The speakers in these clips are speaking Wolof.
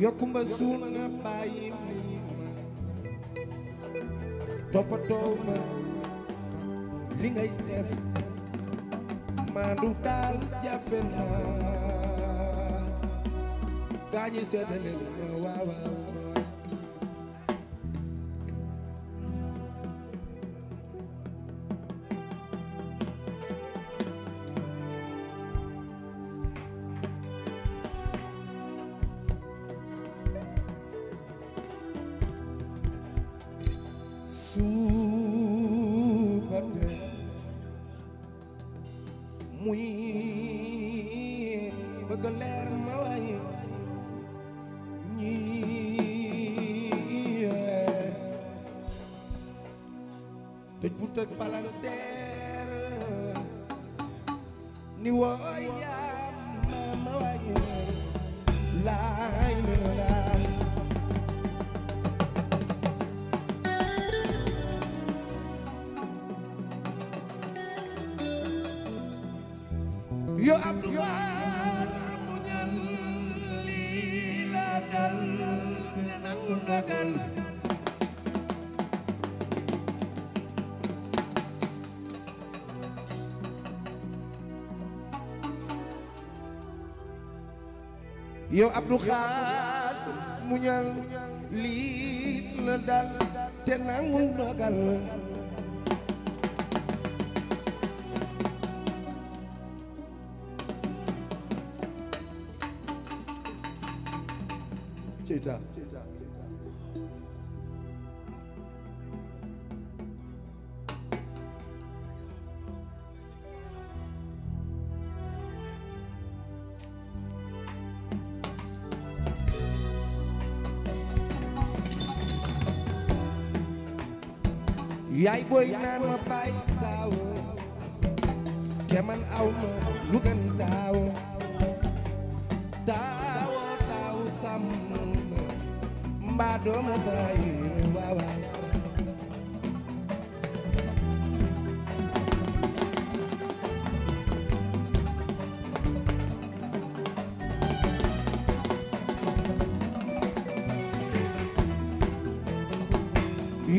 yokkumba suuna na bàyyi toppatoo ma li ngay def maandu daal jafe na gaañi seetale ma waaw waaw Abdou Khadre muñal lii la dal te nangul dogal yaay booy naan ma bàyyi taawo te man ma lu gën taawo taawo mbaa doomu bàyyi waaw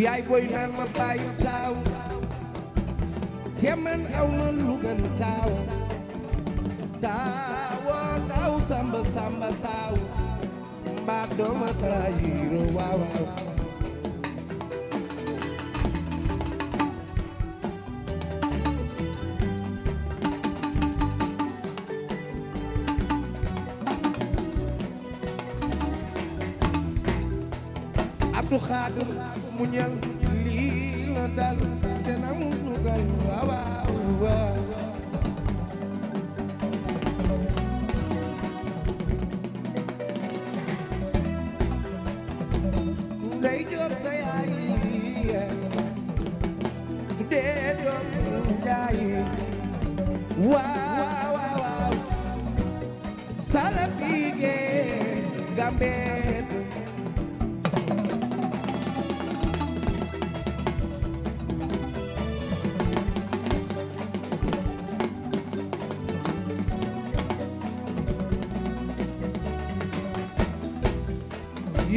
yaay booy naan ma bàyyi taaw te aw na lu gën taaw taawoo taaw samba samba taaw mbaa dooma trahiro waaw waaw ñeel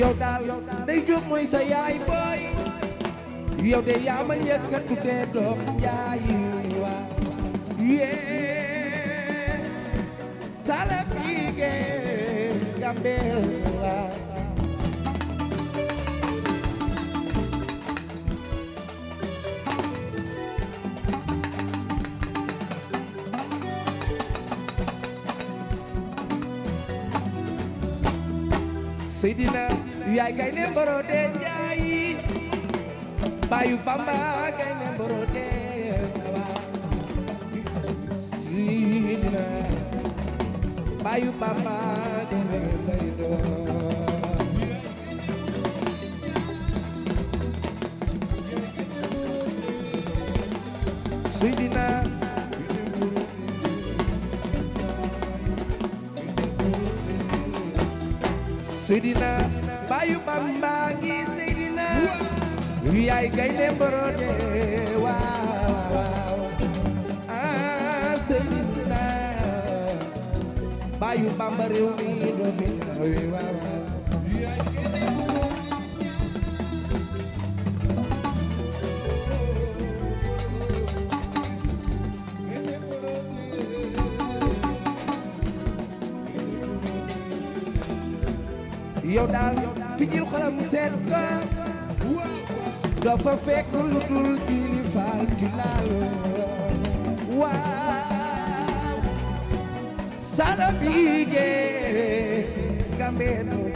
yow daal day jóg mooy sa yaay booy yow de yaa ma njëkk a tuddee doom jaay wa yee sale fiige yaay gaynde Mborode Njaay bayu Bamba gaynde Mborode Sidina bayu yaay gaynde mborode waaw ah sëriñ na bayu bamba réew mi do fi waaw yow daal tijjil xolam seet ko dafa fekk lu dul kilifaal di laalo waaw sara biige gambeenu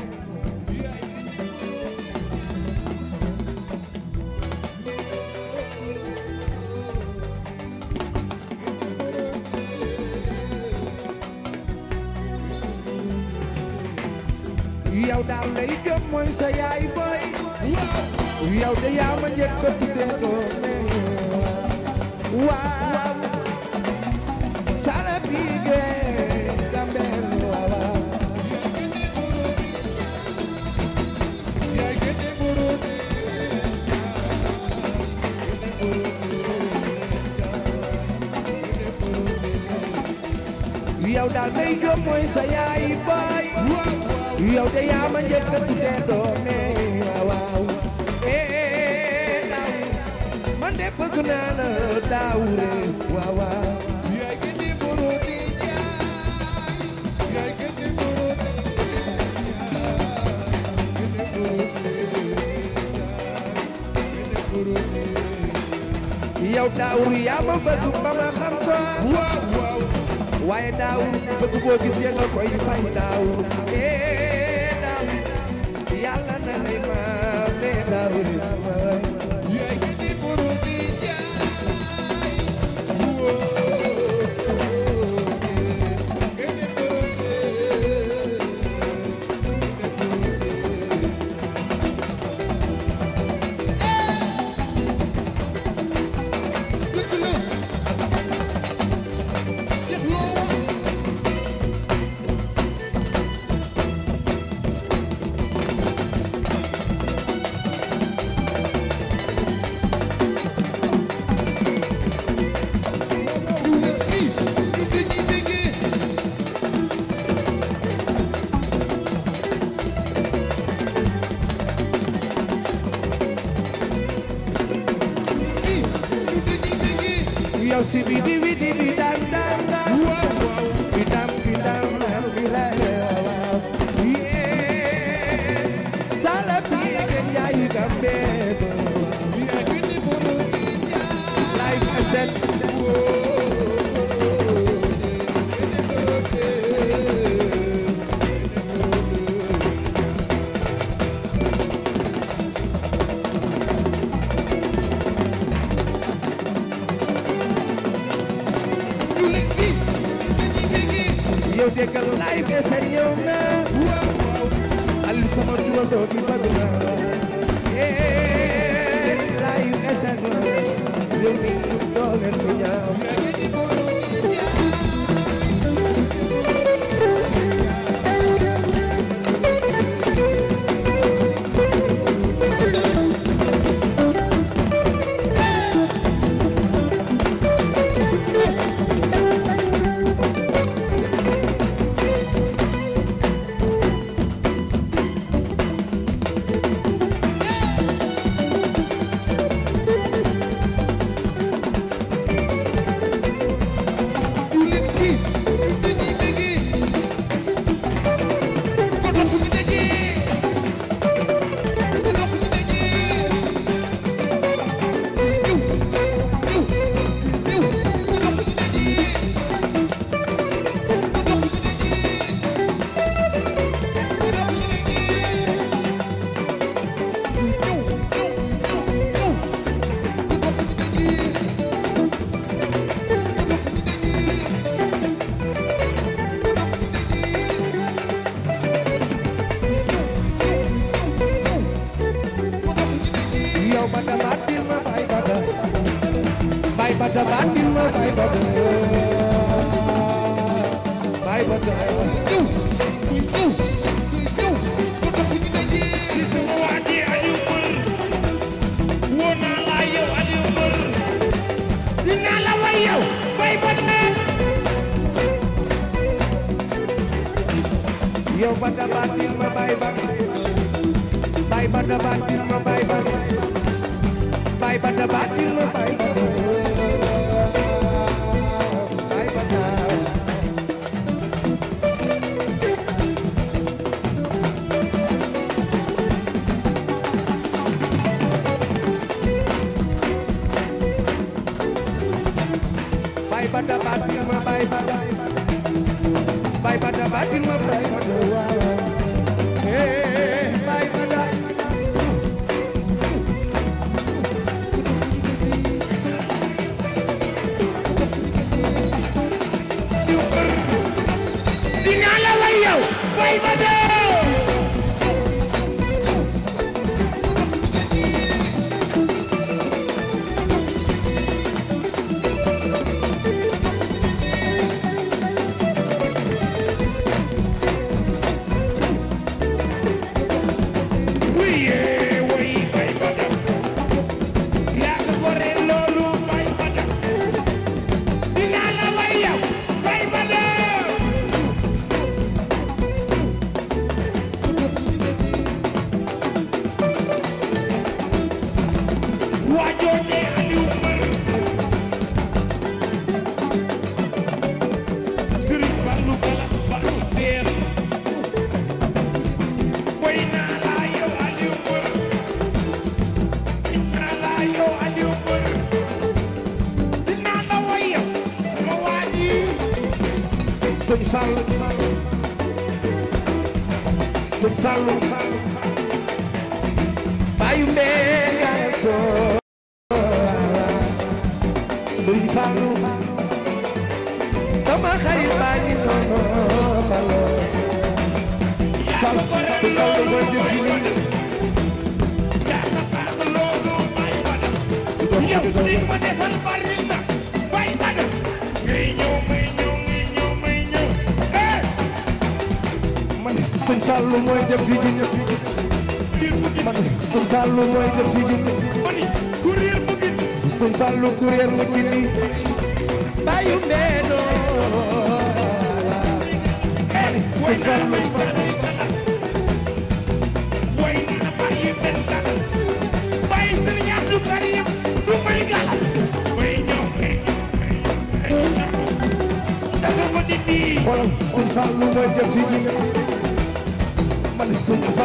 daal lay jom sa yaay yow de yaa ma njëkk a tuddee doom waaw salafige gambel waaw yow daal day jom sa yaay baay yow de yaa ma njëkk a bëgg naa la daawure waaw waaw yaay gën di boro di jaay yaay gën di boro di yaa ma bëgg ba ma xam ko waaw waaye daawur bëgg boo gis ya nga koy fay daawur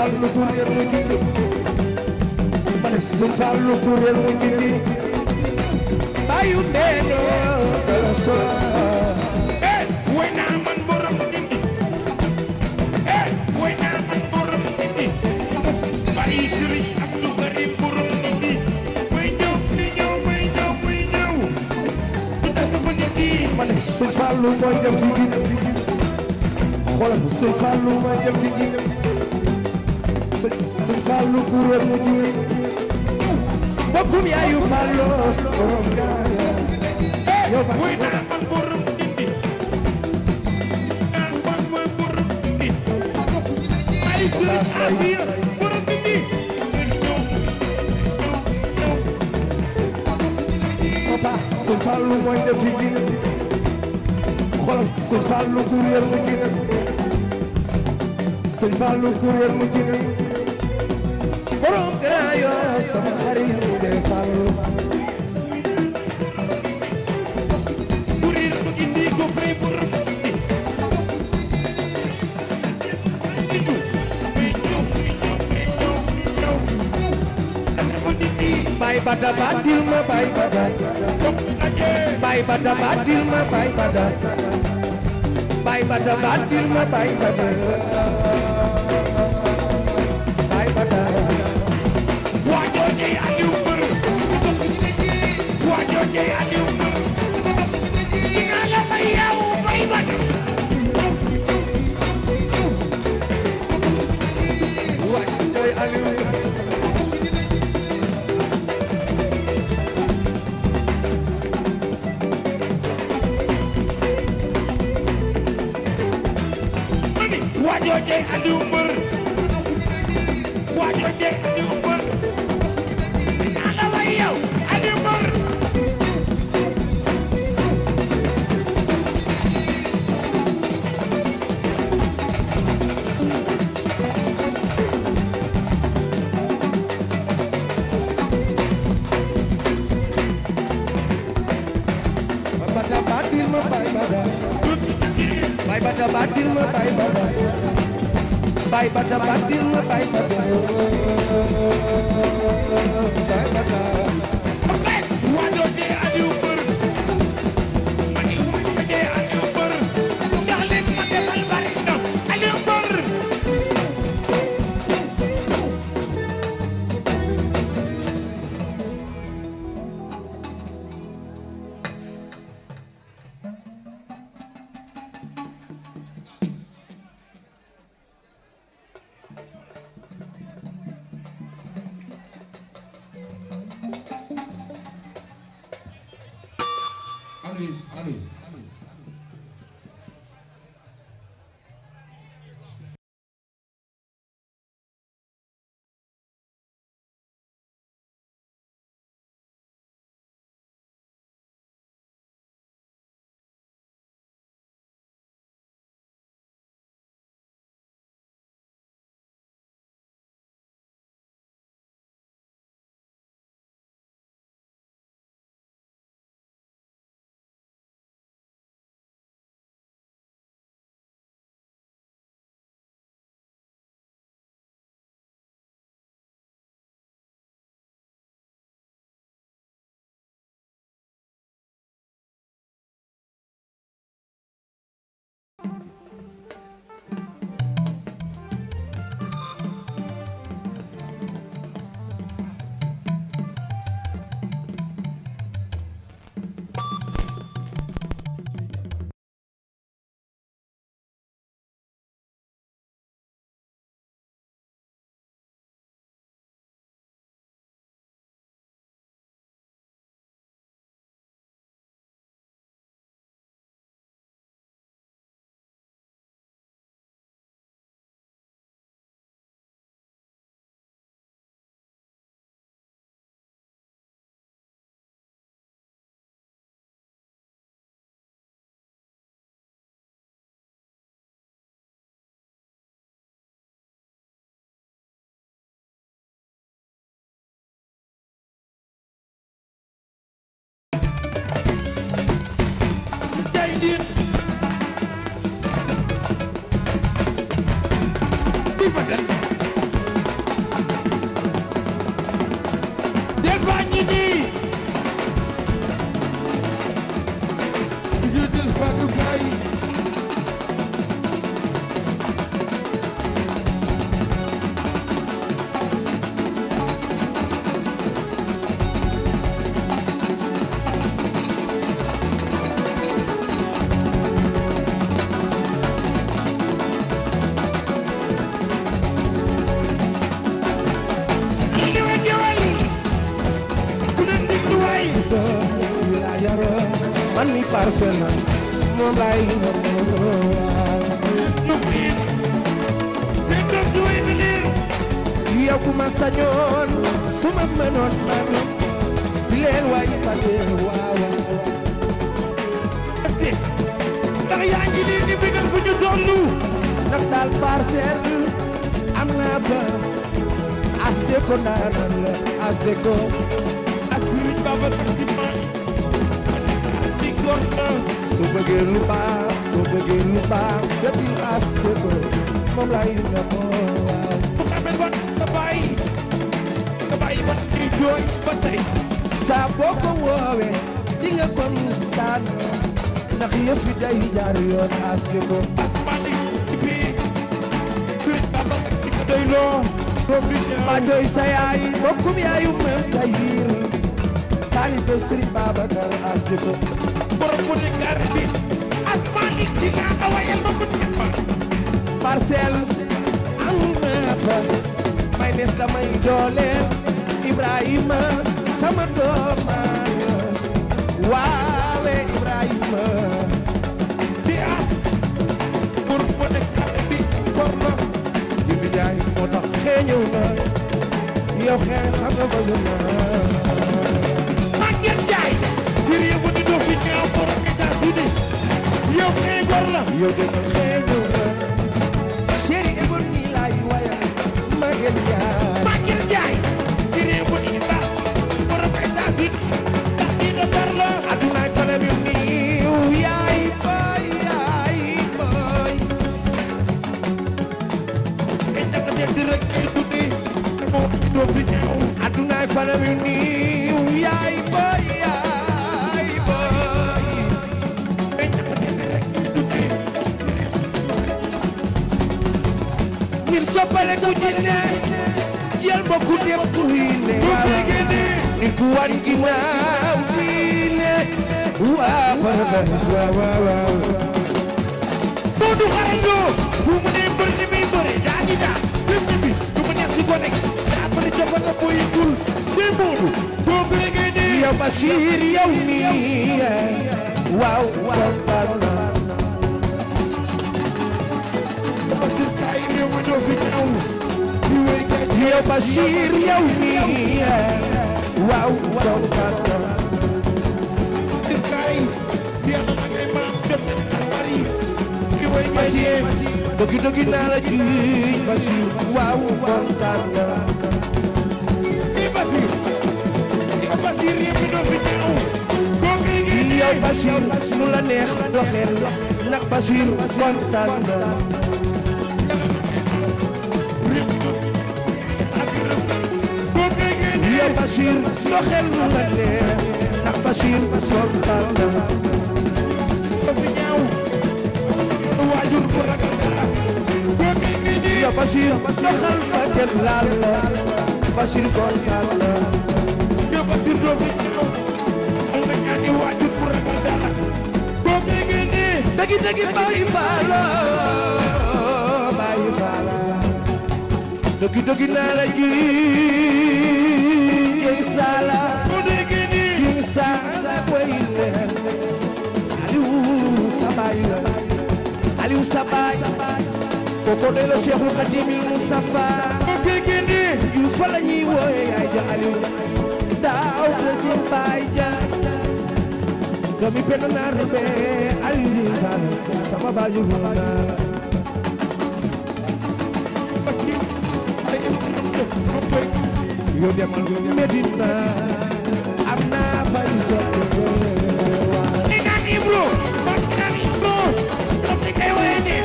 Fallu kuréel mu gindi ma ne Sëñ Fallu kuréel mu gindi bayu ndeenoo dala soxla eh woy naa man borom gindi eh woy naa man borom gindi bayu Sëriñ Abdou Karim borom gindi may ñëw may ñëw may ñëw may ñëw du takk ba nit yi ma ne Sëñ Fallu mooy jëm ci gindi xoolal Sëñ Fallu mooy jëm ci gindi ci Fallou borom ji bokkum yaayu Fallou borom gaaya yow buy naan man borom indi naan man mooy borom indi ay sëriñ Afia borom indi papa ci Fallou mooy def fi dina xool ci Fallou courrier mu dina ci Fallou courrier mu dina bada badil ma bay bada bay bada badil ma bay bada bay bada badil ma bay bada your day, I do. man man bi leen waaye pàdé waaw ndax yaa ngi nii ni bigal bu ñu tollu ndax daal parcelle am naa fa as de ko naanan la as de ko soo bëggee lu baax soo bëggee lu baax c'est as de ko moom laay na jooy saa boo ko woowee di nga kontaan ndax yëf yi day jaar yoon as li ko asmani bii duñ baba ak di ko doy loo ma jooy sa yaay bokkum yaayu mem tayir taalibe as li ko borom mu ne gar bi asmani di nga awayal ma ko ñëpp parcelle am na fa may des damay dooleel Ibrahima sama dooma waawe Ibrahima di as pour mu nekk xale bi bor na di bi jaay moo tax xeeñëw na yow xeen xam nga bëgg na Maguette Ndiaye bir yow ba di dox fi ñaaw pour États-Unis yow xee gor la yow de xeeñëw na chéri ebon ni laay waya Maguette Ndiaye soppale ku jinne yel ma ku def ku hiine nit ku wan ginnaaw diine waa paradise waaw waaw waaw Doudou Xaragne Lo bu mu nee mbër ni muy bëre daa ngi daa dem ñibbi du mu neex si gone daa bëri jabar la booy dul see Moodu doo bëre ngay dee yow Basiir yow nii waaw waaw waaw Basiir kaay réew ma doo fi ñaaw yow Basiir yow nii waaw waaw papa dëkkaay yàlla na ngay maam def na bari ki way Basiir dëgg dëgg naa la jiiñ Basiir waaw kontaan na ni Basiir ni Basiir yëpp doo fi ñëw la neex doxeel ndax Basiir kontaan na Bachir loo xel mu sala king sala boyle Aliou Sabay Aliou Sabay koko de la Cheikhul Khadimil Mustafa yu fa la ñuy wooye yaay ja Aliou daaw ko ci baay ja doomi benn naar be Aliou Sall sama baaju yoo demal Medina am naa fay soppeeku. li naan Ibro. parce que naan Ibro. comme ni kay waxee ne.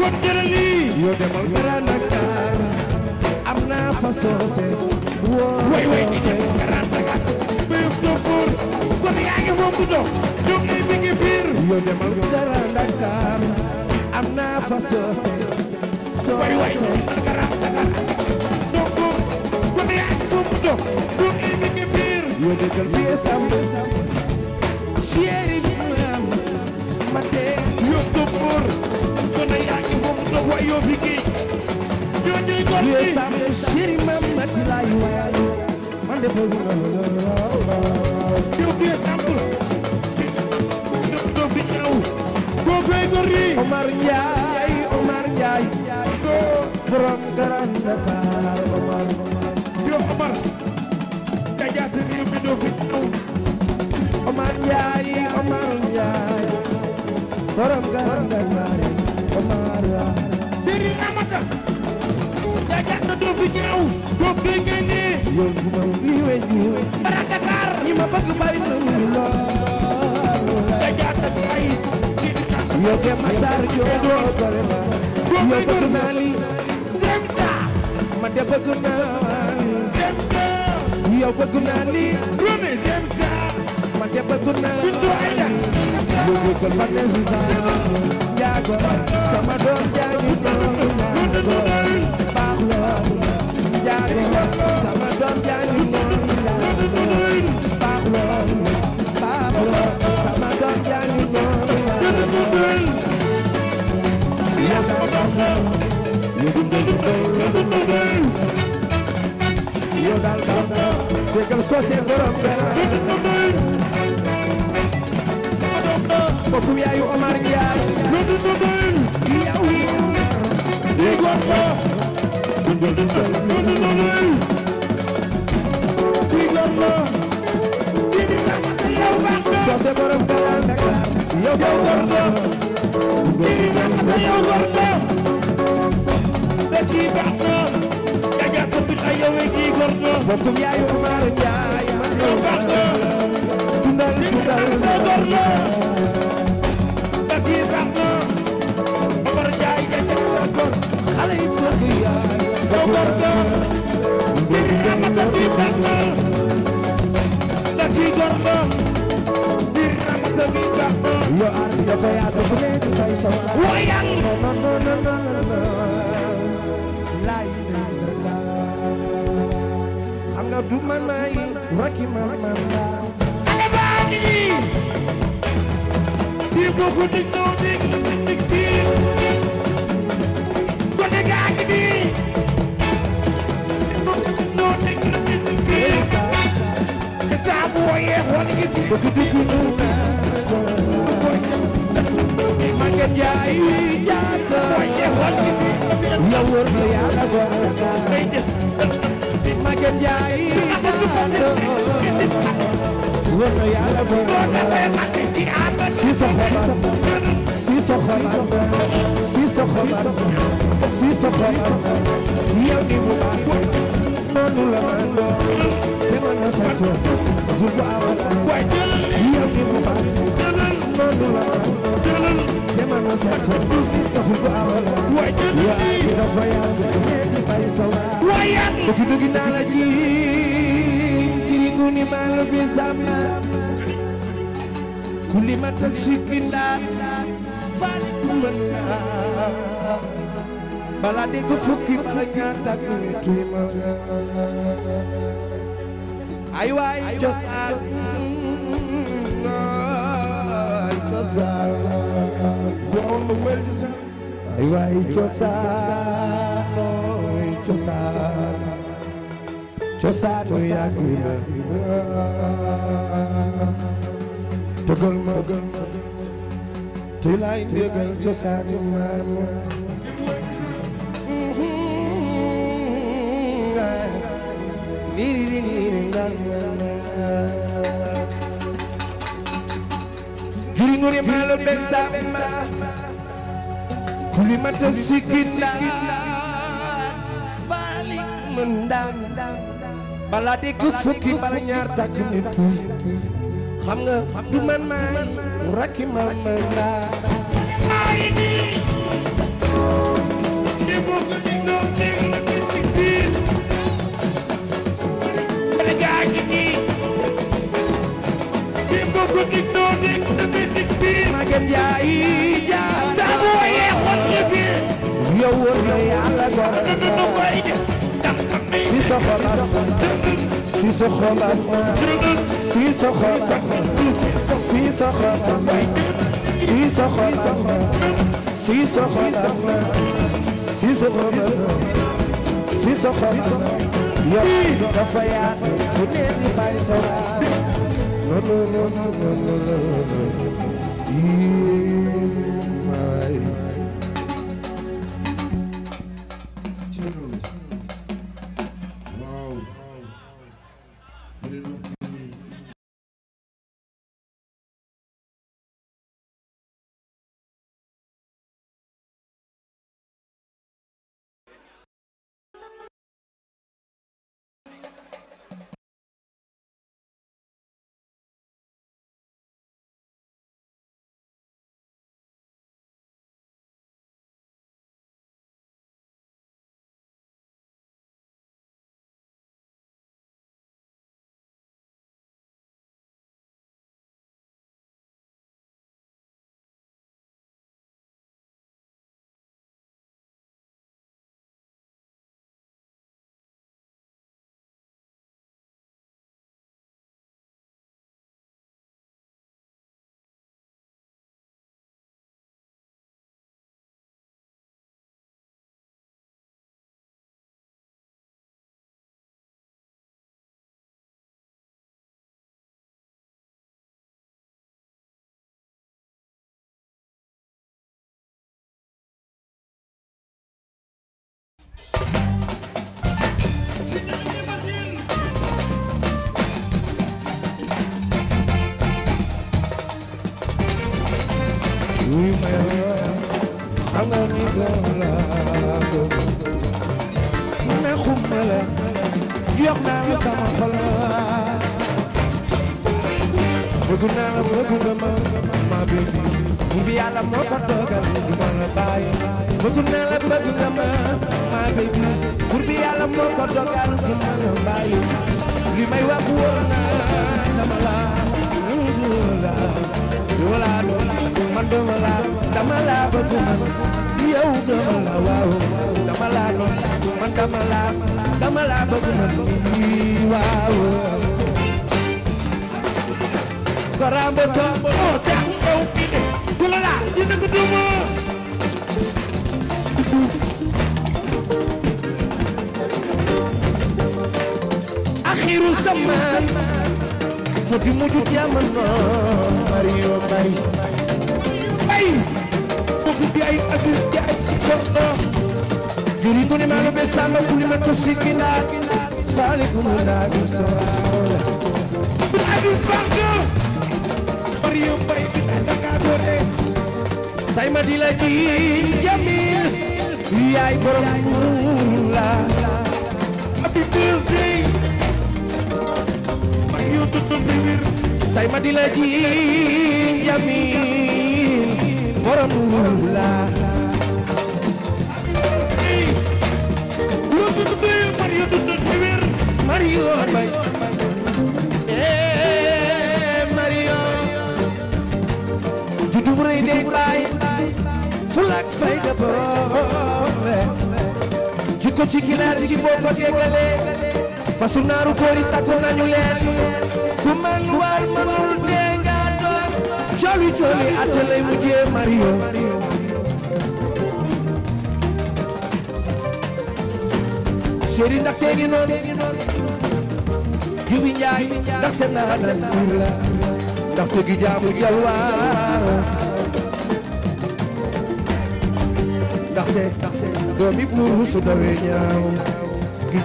kon jërëli. yoo demal Grand Dakar am naa fa soose. woo soose. Grand Dakar. béyum toppoor. kon yaa ngi foofu dox. ñoom ñooy mi ngi dox ku indi ki biir yoo dëkkal fii sam chéri bi ma tee yoo toppoor kona yaa ngi moom dox wa yoo fi géej yoo jëy ko fii sam chéri ma ma ti laay wayal man de bëgg na yoo fii sam dox dox fi ñaaw koo fey ko rii Omar Njaay Omar Njaay borom Grand Dakar Omar Yo Omar te réew mi doo fi Omar Njaay Omar Njaay borom garam gànnaare Omar waay deri amata jaajat na doo fi ñaaw doo fi ngene yow bu ma ni we ni we bara Dakar ñi ma bëgg bari na ñu lool jaajat na tay yow ke matar yo do bare ma yow bëgg naa li sem sa ma de bëgg naa yow bëgg naa ni Roné sem sa man de bëgg naa bindu ay da lu ko ko man de sa jaago sama doom jaagi noonu jaago baax la jaago sama doom jaagi noonu jaago baax la baax la sama doom jaagi noonu jaago baax la yow daal déggal soose borom benn bokkum yaayu Omar Njaay yaw yi goor ba soose borom benn yaw goor ba yaw goor ba ay yow e gi gordo bokkum yaayu Umar Njaay man yow dundal dundal na du man maay rakki ma man laa ana baa ngi nii diir boobu dig naw dig dig dig diir gone gaa ngi nii saabu woyee xool ngi fi bëgg dugg nu ma nga jaay jaata woyee xool ngi fi la wër la yàlla war a Maguette Ndiaye wër na yàlla bëgg na si sa xolam si sa xolam si sa xolam si sa xolam yow ni mu baax noonu la ma doon demoon na sa soor su ko awalaan yow ni mu baax noonu la ma doon demoon na sa soor su ko awalaan yow ni mu baax wayat dëgg dëgg naa la jiim jirigu ni maalu bi sama kulimata fukki bala ñaata ko tuima ay waay ay waay jos aas cosaan cosaanu yàgg na tëggal ma te laay déggal cosaanu maan lii lii lii ngal giri nguri maalo besa ma kulimata sikinda ndànk balaa dégg fukki bala ñaar tàkk ni xam nga du man maay rakki ma ma ndaa na bi ci ci biir ma gën jaay jaay saa boo yeexoon ci biir yow si sa xolaat si sa xolaat si sa xolaat si sa xolaat si sa xolaat si sa xolaat si sa xolaat si sa xolaat yow dafa yaatu ku ne di bàyyi sa waat non non non non non dama la bëgg man yow doomu waaw dama laa noon man dama laa dama laa bëgg man bii waaw koraambo tombo oo dang yow mii de ku la laa dina ko duma akhiru zaman mu di mujj jamono Mario Mario biyayi Aziz Ndiaye ci Bordeaux juri guni ma lobe samba buli ma tosi ginaar faale gunu naa gu sawaaw bi Aziz Bordeaux bari yo bay bi na danga doore tay ma di la ji jamil yaay borom buur la happy birthday bari yo tutun bi wir tay ma di la ji jamil borom lu la lu du du Mario du du wér fulak fay da borom jikko ci ginaar ji boo ko déggalee fasu naaru koori takku nañu leen ku man war manul cooli cooli atte lay mujjee Mario ngi njaay ndaxte naa gi jaamu jalwaa ndaxte doomi buur su dawee ñaaw gi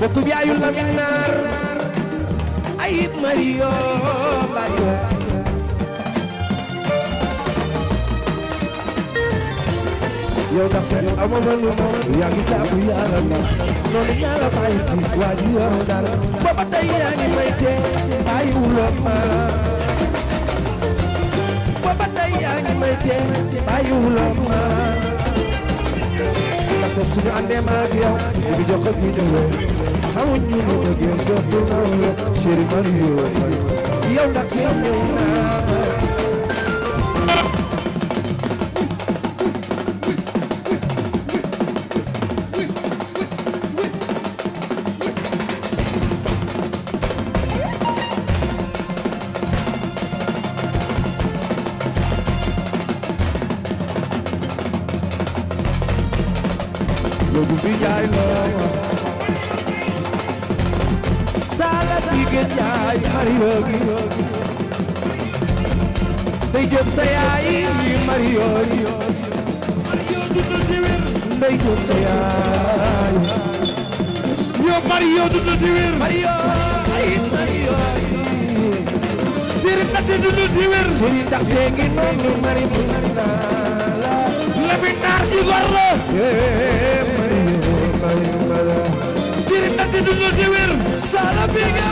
bokku jaayu Lamin Naar ayib Mario Bayo yow ndax yow amuma lu ma yaa ngi jàpp yàlla na noonu ñaa la bàyyi ci waa ji yoroo dara booba tey yaa ngi may tee bàyyi wuloo ma booba tey yaa ngi may tee bàyyi wuloo ma ndaxte suñu àndee ma ak yow ñu ngi jokkoo ak ñu xawuñ ñu mu bëggee sa yow nag yow sa yaay Mario Mario dundal di wér Ndey Jóob sa yaay yow Mario dundal di wér Mario ay Mario Sëriñ Ndaxte dundal di wér Sëriñ Ndaxte ngi noonu mari mu la Lamin Naar ji gor la eh Mario Mario Mario Sëriñ Ndaxte dundal di wér sala fi nga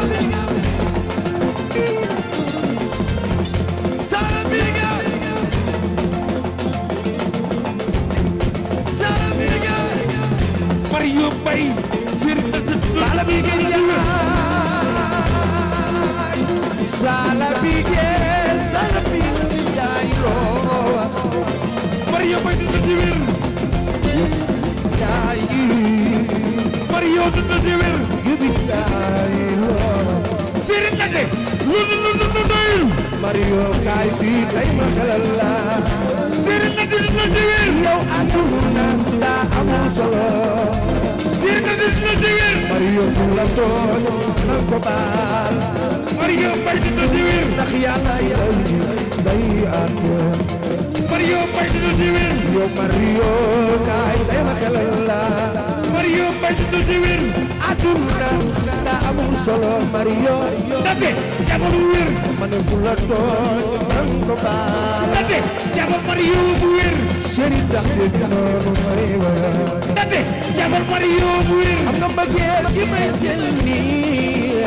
Ayub Mbay Sala Bigué Njaay Sala Bigué Sala Bigué Njaay loowa Mario Mbay dina ci wér Njaay Mario dina ci wér Gibi Njaay loowa Sëriñ Ndate lu lu lu lu doyul Mario kaay fii tey ma xelal la Sëriñ Ndate dina ci wér yow àdduna daa amul solo dina diwir. Mariam la doon nan ko baal. Mariam Mbaye dina diwir. day ànd. Mariam Mbaye dina diwir. yow Mariam kaay day ma xelal la. Mariam Mbaye dina diwir. àdduna da amul solo Mariam. ndaxte jamono wér. ma ne bu la doon nan ko baal. ndaxte jamono Mariam bu chéri tax te noonu may waral. date jabar mari yóbbu wér. am nga mbëggeel gi may seen nii.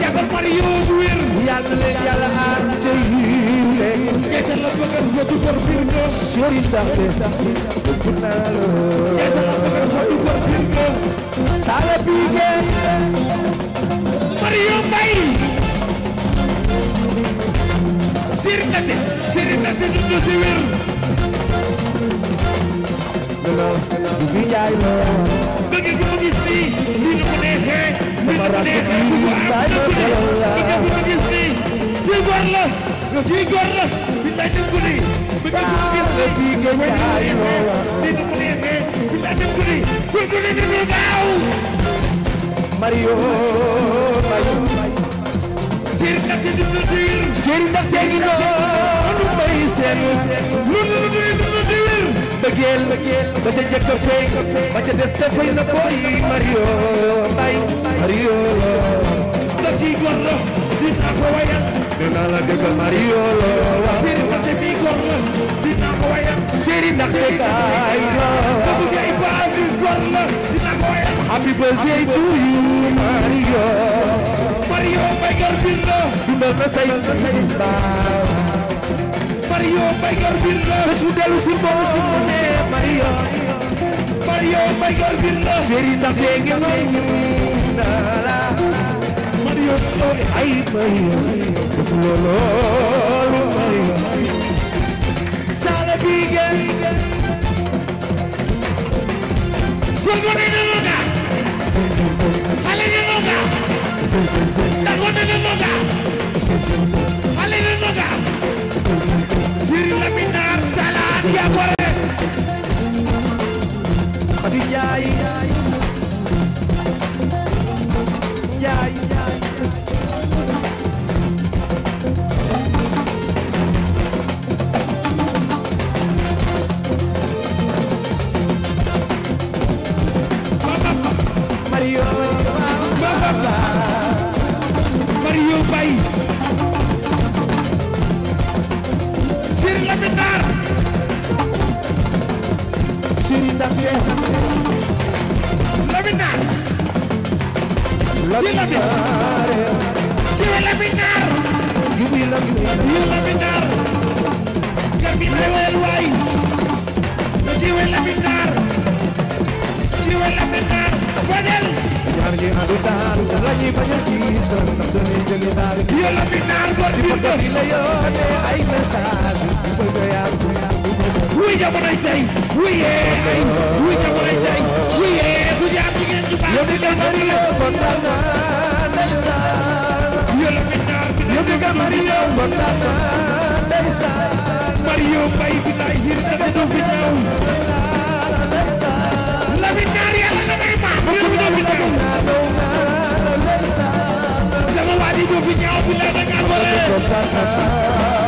jabar mari yóbbu wér. yàlla leen yàlla aar te yiw leen. gerte la bëgg a jotu bor bir no. chéri tax te bëgg naa la. gerte la bëgg a jotu bor bir no. sala bii ngeen. mari yóbbu bay. chéri date chéri date du dosi wér. bi njaay ma bëgg ko gis ni ni mu neexee sama rakk bi njaay ma xolal la bëgg ko gis ni di góor la di góor la bi njaay ma guni bëgg ko gis ni bi njaay ma ni mu neexee bi njaay ma guni ku guni ni mu gaaw Mario Mayo Sëriñ Ndaxte di Sëriñ Ndaxte gi noonu may seen lu lu mbëggeel ba ca njëkk a feeñ ba ca des dafay na boy Mario bay Mario lo da ci gorlo dinaa ko wayal dinaa la dégg Mario lo wa séri wate mi gorlo dinaa ko wayal séri ndax dekaay lo dafa gay ba Aziz gorlo dinaa ko wayal happy birthday to you Mario Mario na say mbaaw Mario may gor la bés bu dellu si moo ne Mario Mario may Mario ay Mario def loolu Mario sala bi ngeen gorgone na loga xale na loga laminar salas ya gore xadi jaay jaay jaay Mario Mario Mario Mario Mario ndam yee Lamine Naar Lamine Naar kii Lamine Naar kii Lamine Naar garmi rewel waay kii Lamine Naar kii Lamine Naar fadel ñaar ñi ànd daal lañuy bañ a gis ndax dañuy jëli daal kii Lamine Naar góor bi la yónnee ay message bu bëgg yaa wuy jamonoy tey wuy yee ay wuy jamonoy tey wuy yee bu ñu am jigéen ñu baax. yow di nga mari yow kontaan naa dañu naan. yow la ñu naan bi yow di nga mari yow kontaan naa dañu saa. mari yow bay bi laay siri te ne doo fi ñëw. la bi ñaar yàlla damay maam. yow doo fi ñëw. sama waa ji doo fi ñëw bi la da ngaa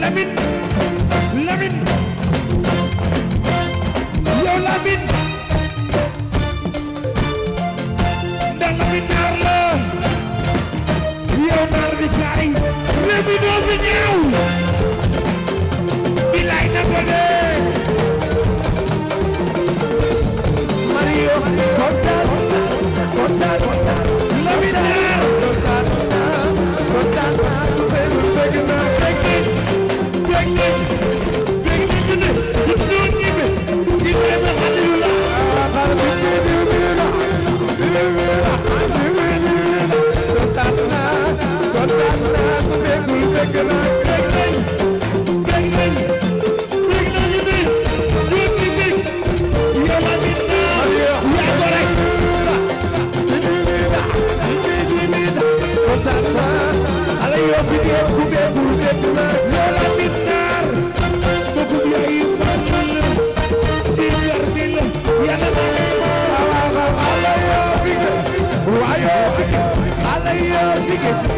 Lamine Lamine yow Lamine ndax Lamine naar la yow naar bi kaay léegi doo fi ñëw bilaay na ko dee Mario kontaan kontaan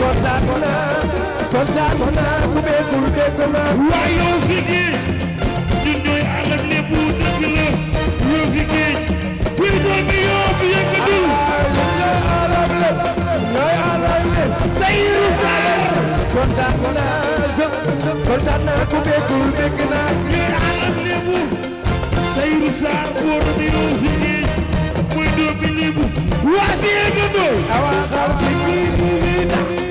Corta con kontaan naa ku beekul beek na. waa yow fi géej ñun ñooy alam ne bu dëgg la yow fi géej. kuy doon bi yow fi naa sax kontaan naa ku beekul beek na. ñooy alam ne bu. tey yu saar wóor na yow fi géej. mooy doon bi lébu. waa si yëngu doon. awa xam si kii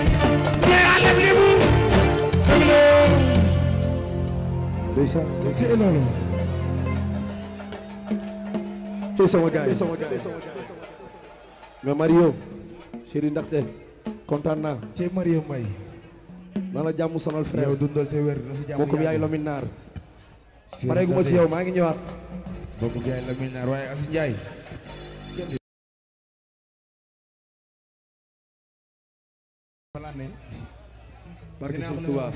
ndeysaan ndeysaan loolu kii sama gaay sama gaay mais Mario chéri ndaxte kontaan naa ci Mario Mbaye na la jàmm sonal frère yow dundal te wér na bokkum yaay Lamine Naar pareeguma ci yow maa ngi ñëwaat bokkum yaay Lamine Naar waaye Asi Ndiaye barke Sëñ Tuubaa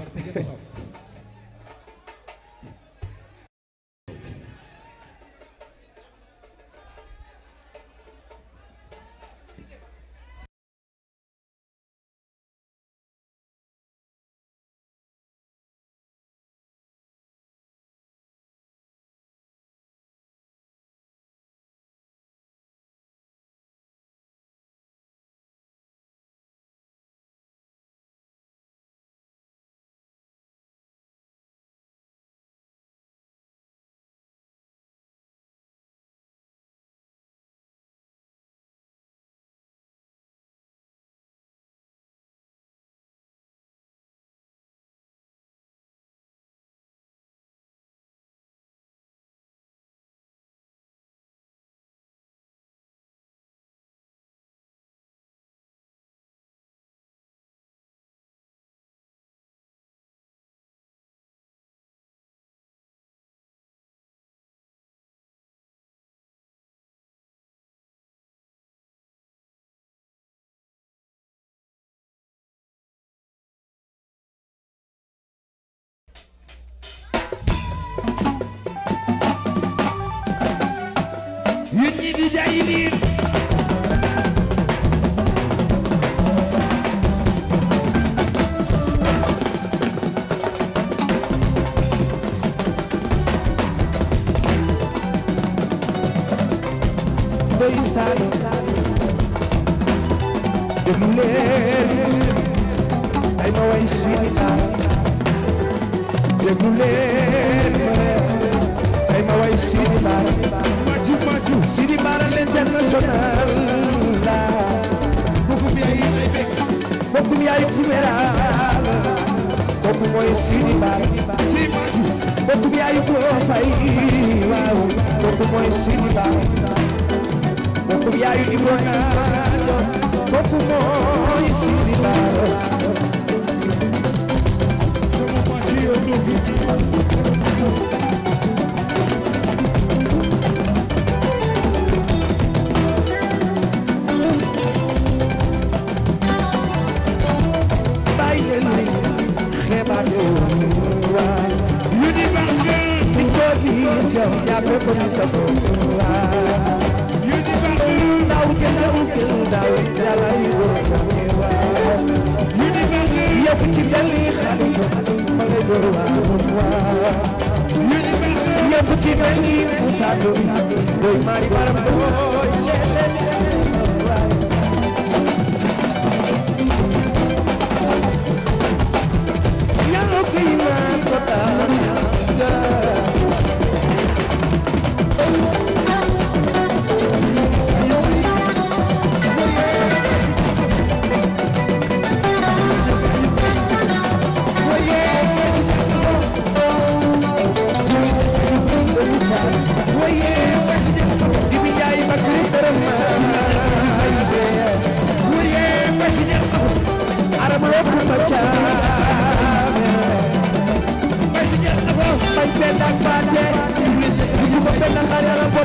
Déglu leen ay ma way si Sidi Bara l'international la bokkum yaay bokkum yaay timeral bokkum mooy Sidi Bara bokkum yaay ko fay waaw bokkum mooy Sidi Bara bokkum Boy, Mari Barboy,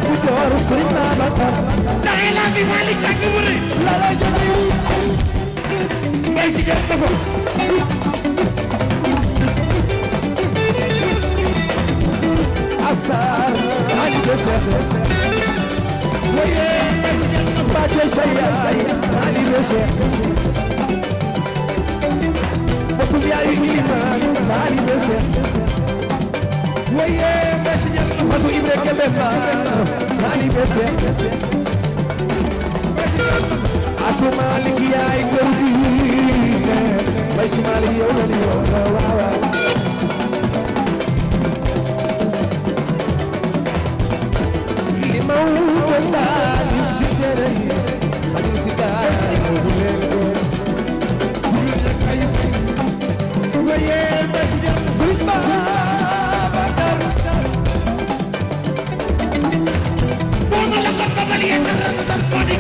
bu jooru Sëriñ Babacar ndax El Hadji Malick tàgg mu ne la la jox mbay si jëf ko asar ak joseph waye ba joy sa yaay ali joseph bopp yaay ni ma ali joseph waye mbesi ñam na fasu ibre ke beba mani bese asuma liki yaay kër bi bay suma li yow la yow waaw waaw li ma wuto mbaa ñu si tere ma ñu si gaa mu leen ko waye mbesi ñam suñ mbaa Yes,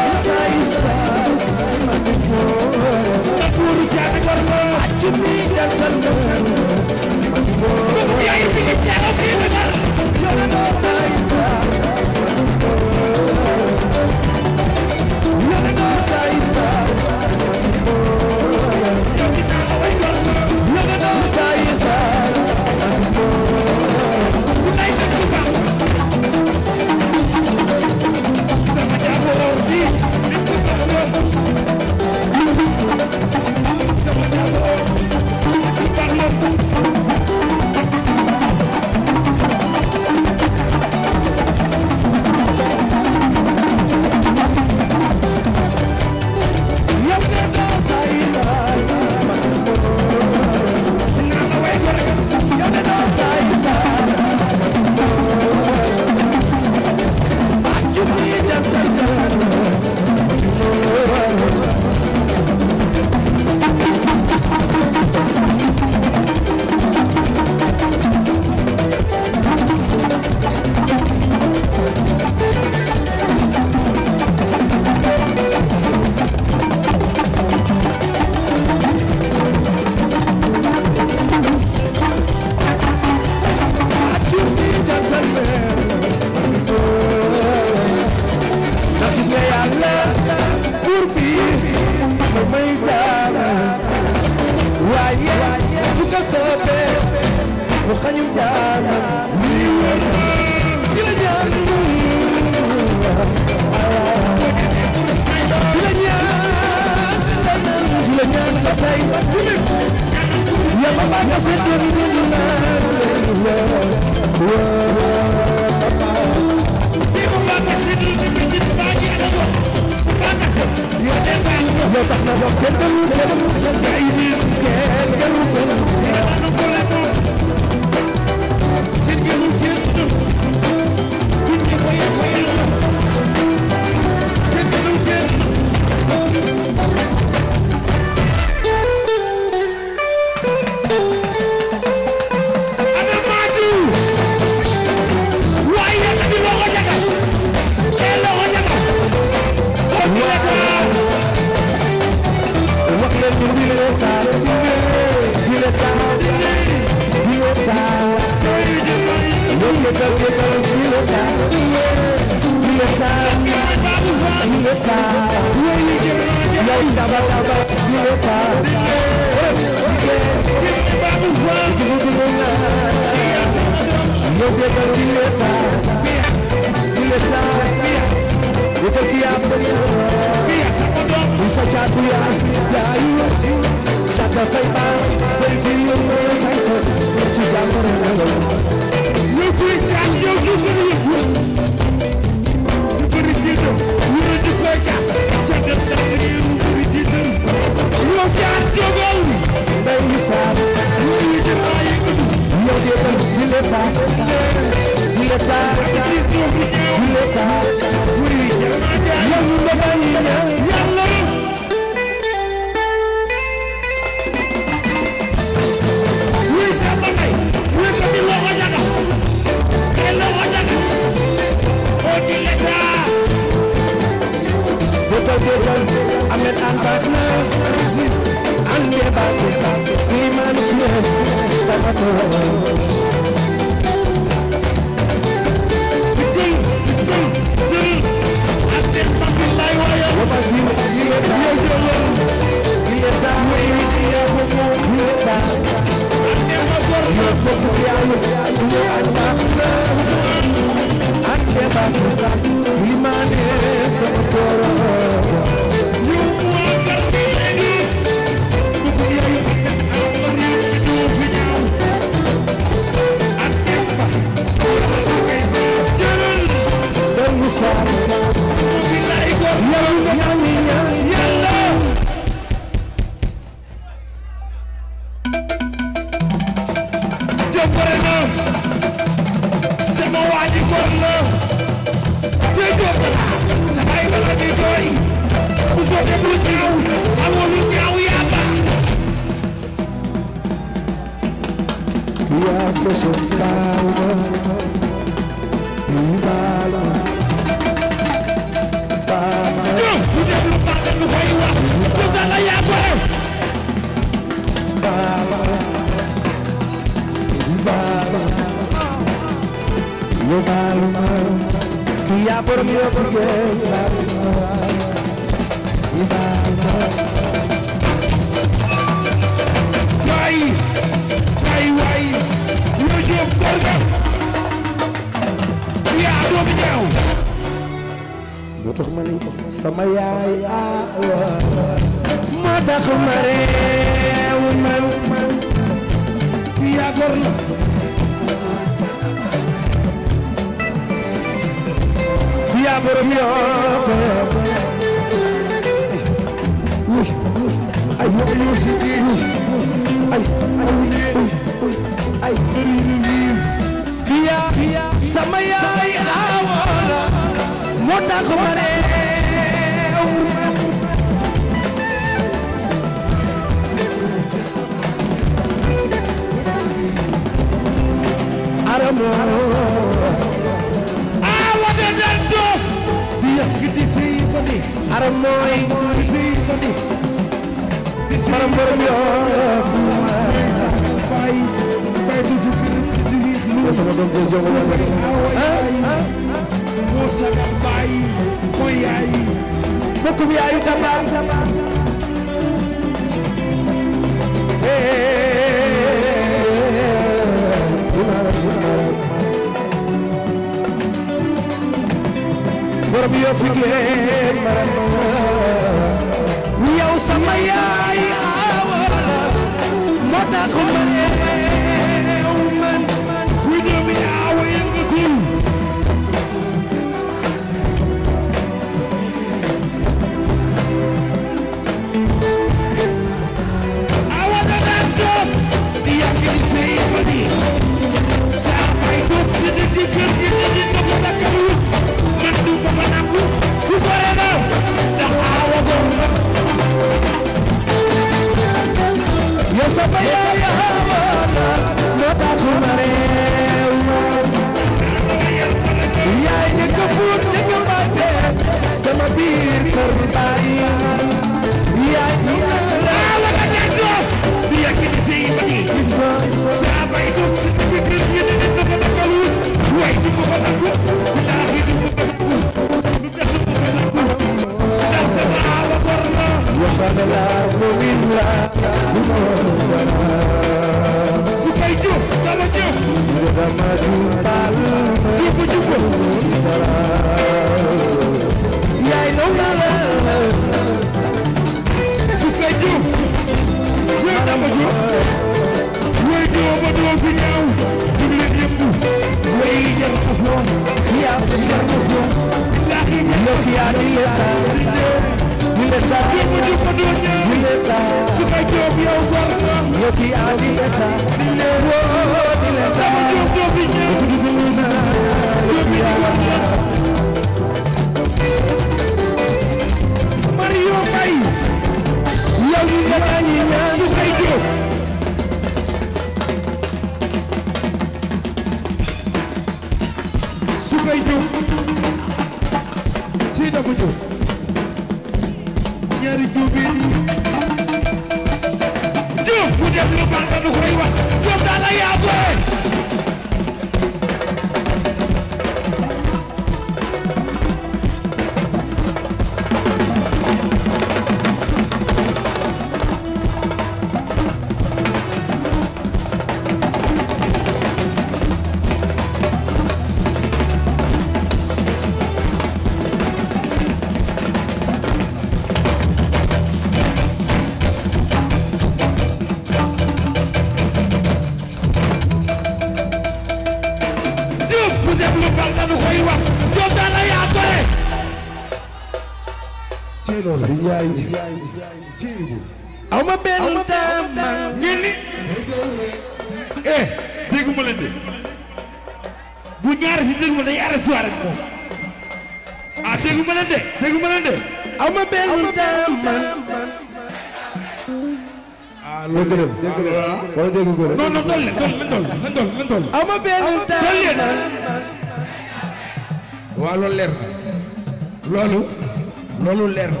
loolu leer na.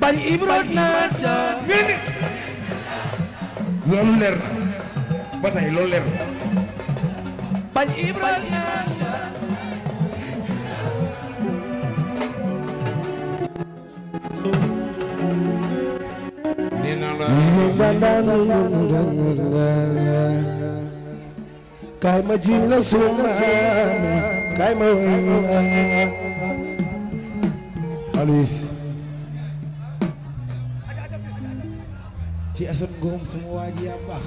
bañ Ibro naa ja loolu leer na ba tey loolu leer na. bañ Ibro naa ja. nee naa la. kaay ma ji la suma kaay ma wéy Alois ci Assane Ngom sama waa ji yaa baax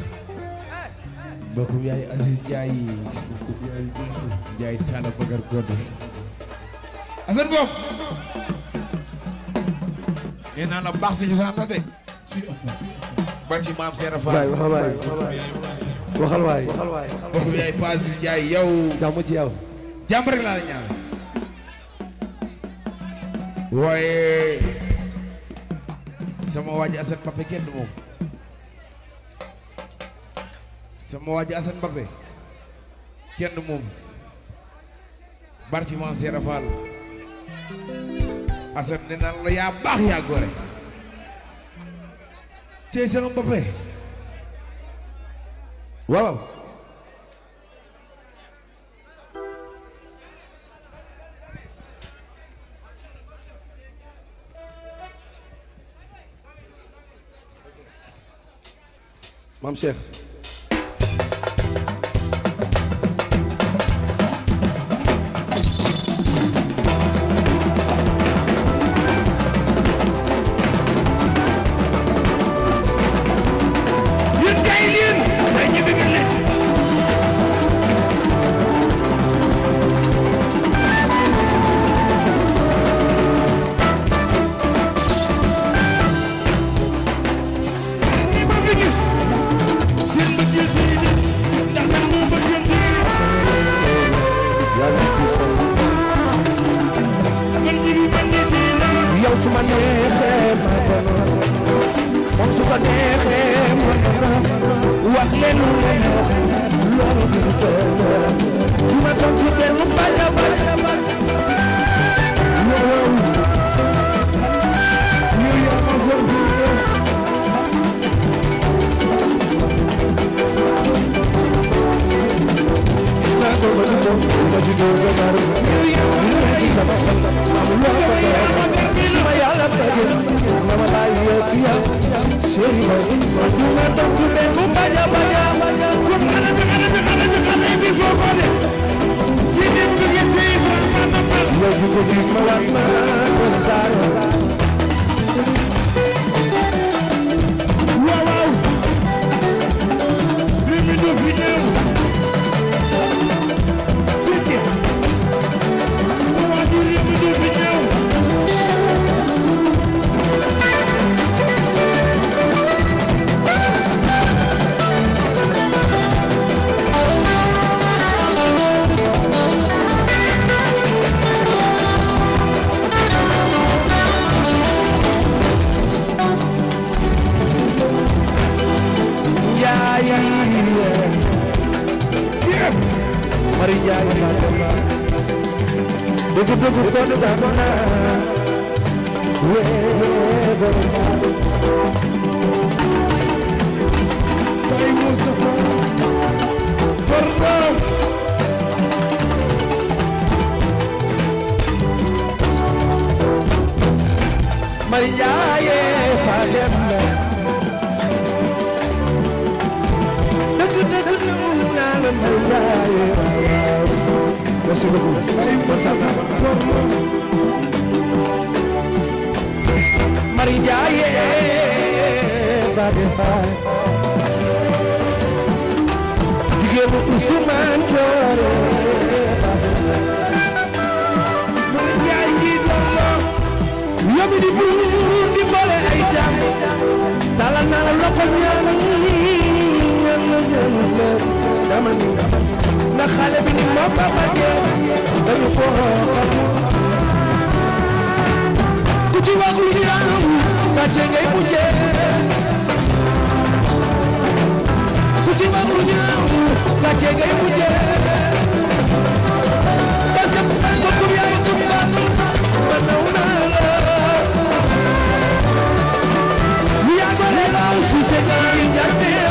mbokkum yaay Aziz Ndiaye Ndiaye Talla Bagar Godo Assane Ngom nee naa la baax si cosaan la de barki maam Seera Fall waay waxal waay waxal waay waxal waay mbokkum yaay Pa Aziz Ndiaye yow jàmm ci yow jàmm rek laa la ñaan waaye sama waa ji Assane Pape kenn moom sama waa ji Assane Mbappé kenn moom barki maam Seera Fall Assane ne naan la yaa baax yaa gore tey sama Mbappé waaw Merci beaucoup. Marie Ndiaye Fadel Faye jigéenu Ousmane Thioro Marie Ndiaye ngi doon yomi di buur di mbale ay jàmm talal naa la loxo ñaan ñaan la ñaan la dama ni ndax xale bi ni ma ko bëggee dañu ko xam ku ci wax lu ñaaw gàcce ngay mujjee ku ci wax lu ñaaw gàcce ngay mujjee parce que mbokkum yaay sumbaan ma naw naa la lu yàggoon la si sa gaay jàppee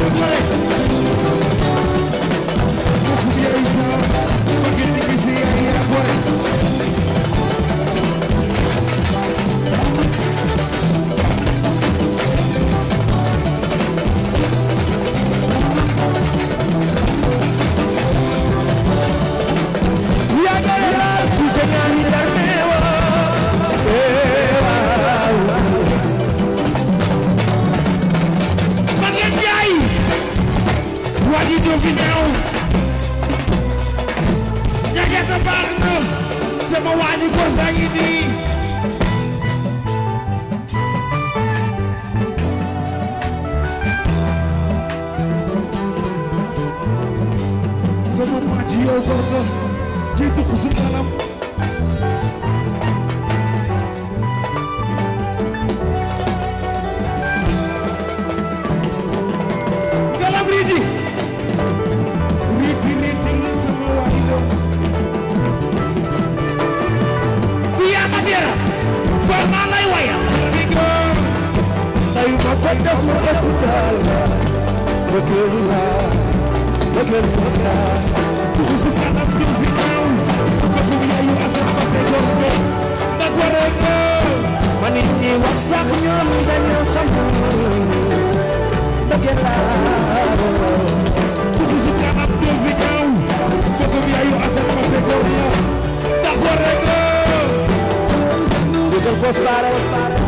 Thank you. sama waa ji góor saa ngi nii sama waa ji yow góor na ji dugg si kanam فتحوا أبوابنا بكرنا بكرنا تخصف على الفرعون تكفوا يا أيها أسفة تجربة نكونك man it di wax sax ñoom dañu xam bëgg laa dugg si kanam de vidéo foto bi ayu asal ma fekk yow ndax war rek dugal ko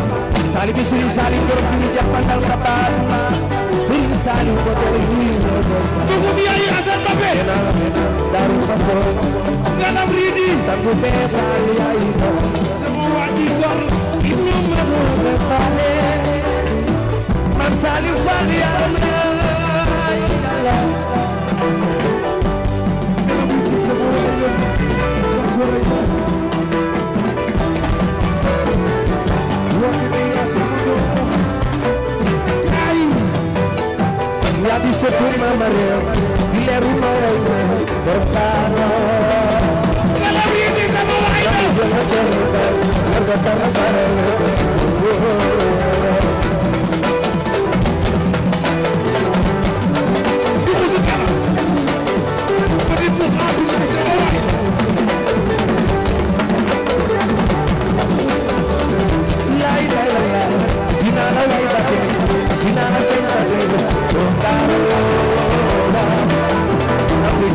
taalibi Serigne Saliou borom bi ñu jàppandal xabaar Serigne Saliou ba doy ñu ñoo doon. dugub yaayu Assane Mbappé. Daaru Fafo. Ngalam Ridi. Sangu bee Fall yaayu doon. sama waa ji góor. ñoom ma doon faale. man Saliou Fall di secours mama réew di leeru ma way ma borom taano ngelaw yi di sama waay la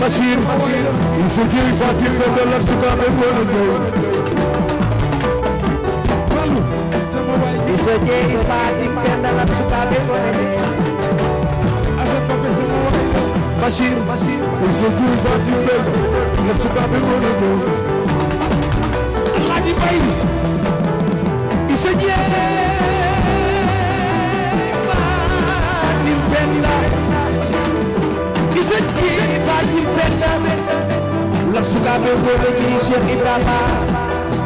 Bashir Msikiri Fatim Fethel Sukambe Fonu Gey Msikiri Fatim Fethel Sukambe Fonu Gey Bashir Msikiri Fatim Fethel Sukambe Fonu Gey Alhaji Baye la sukaabe foobe gi Cheikh Ibrahima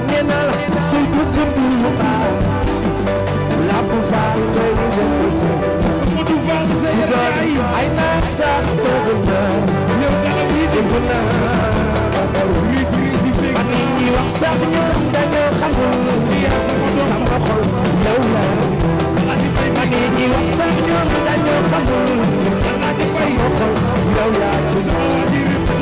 nee na la suy dugg dugg faal la bu faal fooy di jëkk si si doon ay naa sax toog na dégg na ma nit ñi wax sax ñoom dañoo xamul sama xol yow la ma nit ñi wax sax ñoom dañoo xamul sama xol yow la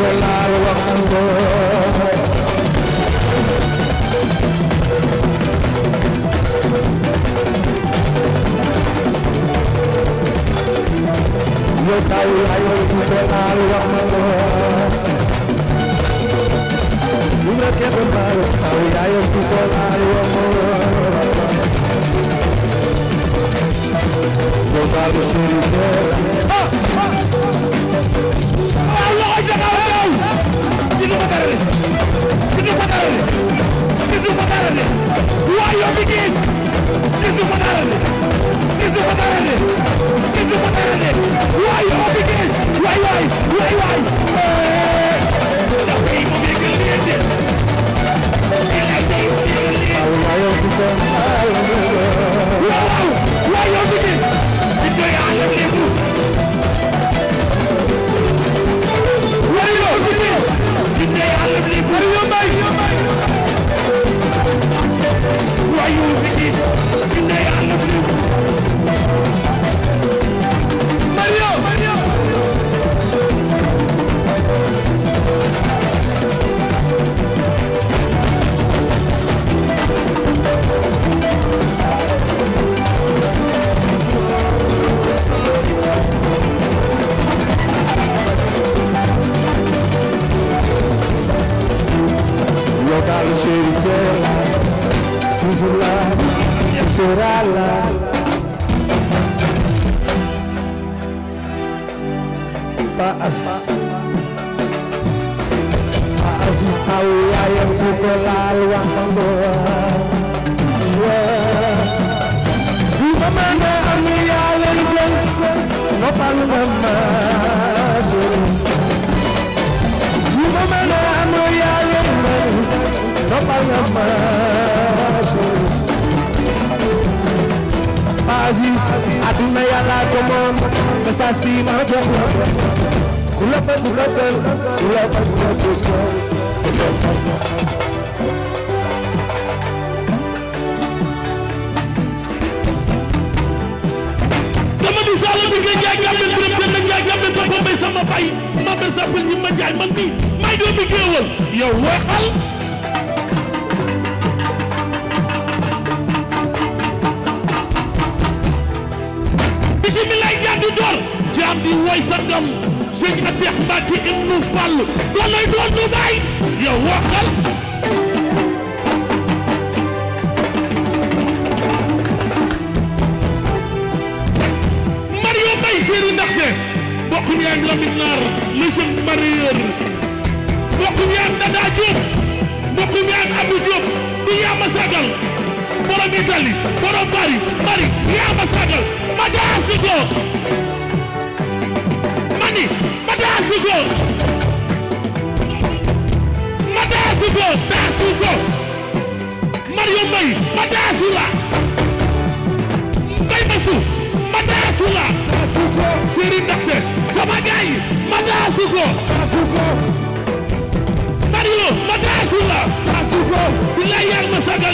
dollars wax nañ ko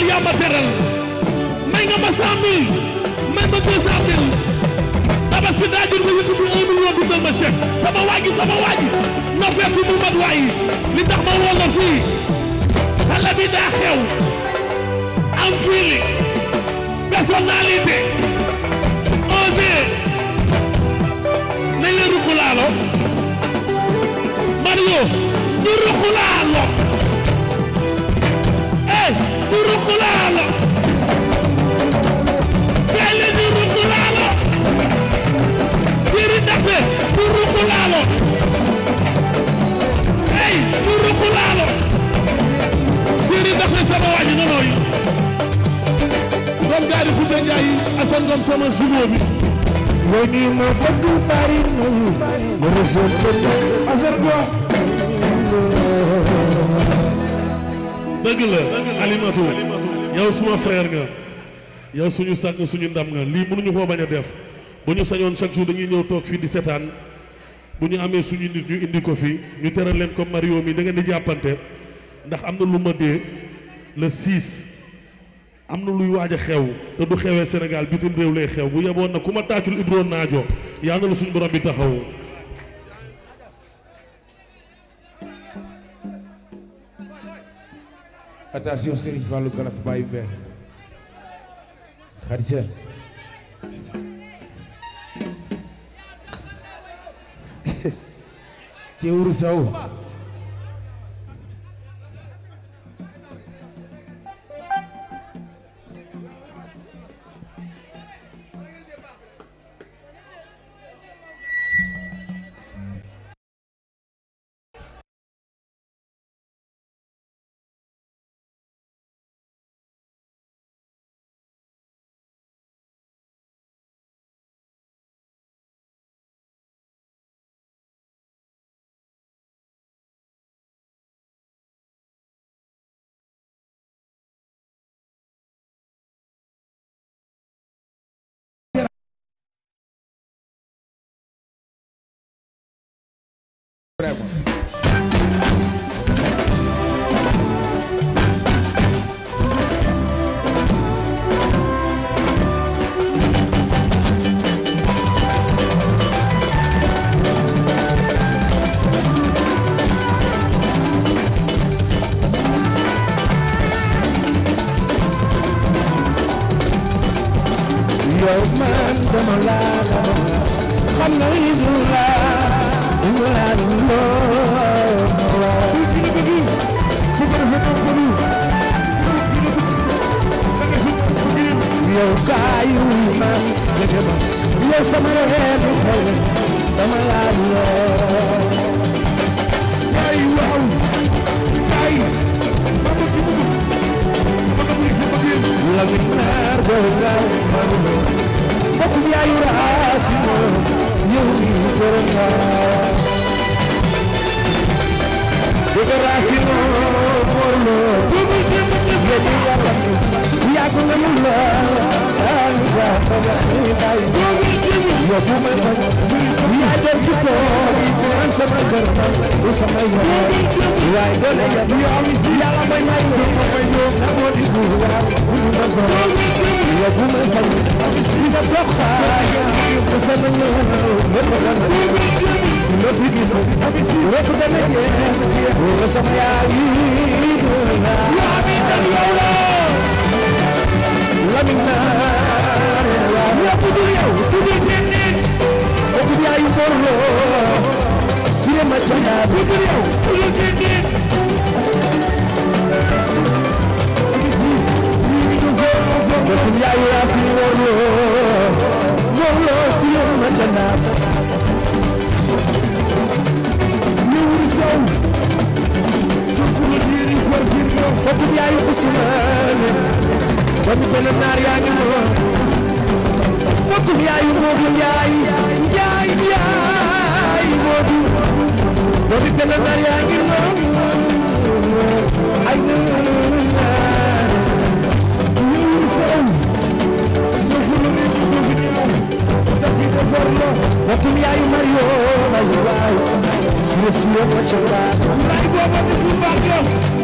yaa ma teral may nga ma cent mille may ma deux cent mille tabaski daa jur ma yëkkati un million dundal ma chèque sama waa ji na fekk mu mat waay li tax ma woo fii xale bi daa xew am feeling personnalité osé nañ la ruqulaalo Mario ñu ruqulaalo When you move to Paris, no, you. Move to Paris, Azerbaiján. dëgg la alimatu yow suma frère nga yow suñu sàkk suñu ndam nga lii mënuñu koo bañ a def bu ñu sañoon chaque jour dañuy ñëw toog fii di seetaan bu ñu amee suñu nit ñu indi ko fi ñu teral leen ko Mario mi da di jàppante ndax am na lu ma dee le 6 am na luy waaj a xew te du xewee Sénégal bitim réew lay xew bu yeboon na ku ma taacul Ibro naajo yaa na la suñu borom bi taxaw attention Serigne Fallou Galas bàyyi benn xarisa ci wuru saw Vraiment. man dama laa la yow sama reenu xol dama laa lool ay waaw ay baba ki bëgg baba ki bëgg la mi naar gol la ma bu bokk yaayu raasi mo yow mi borom la de raasi mo morlo yow mi yàlla Sama yaay yi, yaa mi dal yow la lamin naare laam yaa ku dul yow ku dul nennin o ku yaayu borro sire ma jaya ku dul yow ku dul nennin isis ni do go go go ku yaayu asin borro borro sire ma jaya Yuri sow Sukuru diri kwa diri Kwa kubiayu kusimane wani ko naar yaa ngi ma bokku yaayu Modou Ndiaye Ndiaye Ndiaye Modou wani ko naar yaa ngi ma ay Wakum yayu Mario Mario Sire sire macam mana Lai gua mau disumbang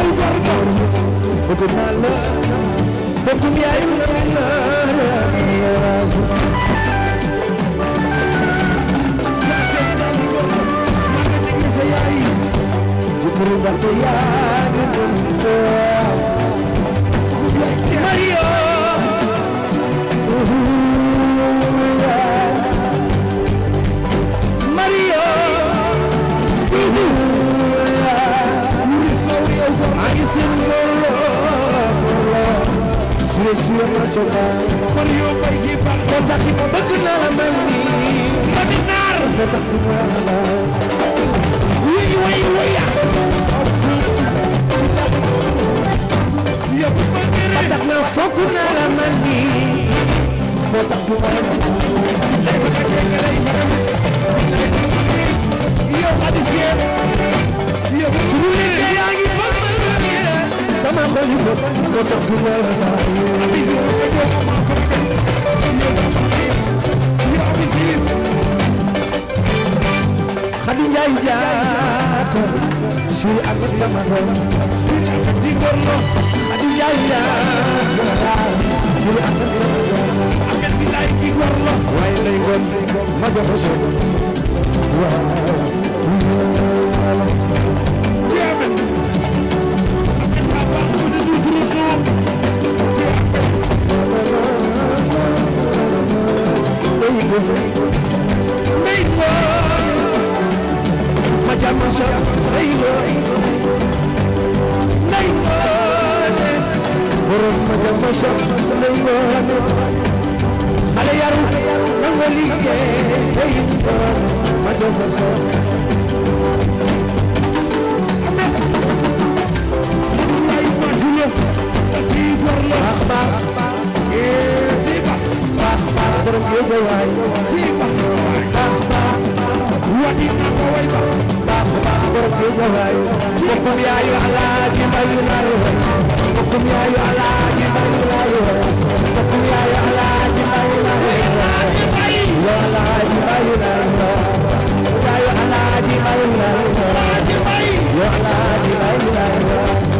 yaayu garga bëgg naa la bëggum yaayu garga naa seet naa di ko naa ka dégg sa yaay jëkkëru garga yaa di bëgg Mario Mario monsieur Mathioma. kon yow bay di bal. kontaan bi bëgg naa la mel nii. ma di naar. nga tax du ma la. wii way way ya. yow ma gërëm. ma tax naa fokk naa la mel nii. moo tax du ma la. léegi nga dégg lay maram. yow Hadis Dieng. yow suñu liggéey yaa ngi fokk. Mama ko ñu ko ko tax bu ma la Khady Ndiaye jaata si ak sama doom di gorno Khady Ndiaye jaata si ak sama doom ak billahi di gorno way lay gon ma jox ko so waaw Madam Massam, Yo Alaaji Baay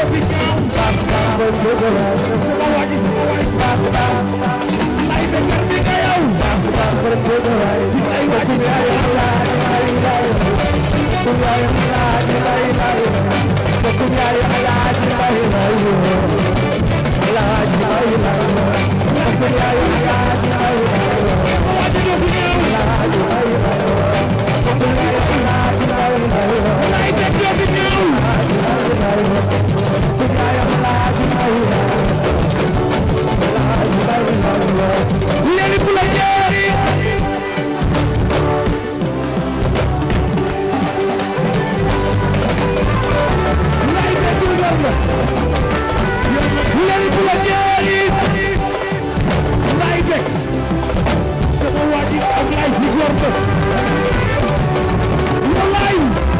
Like the Wallaay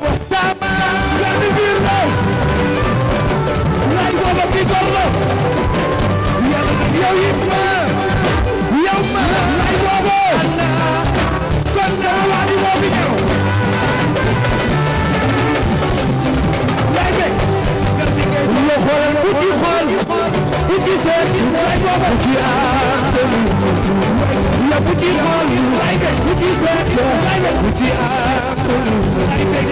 xoolal ku ci xool ku ci seet ku ci àndal la ku ci xool ku ci seet ku ci àndal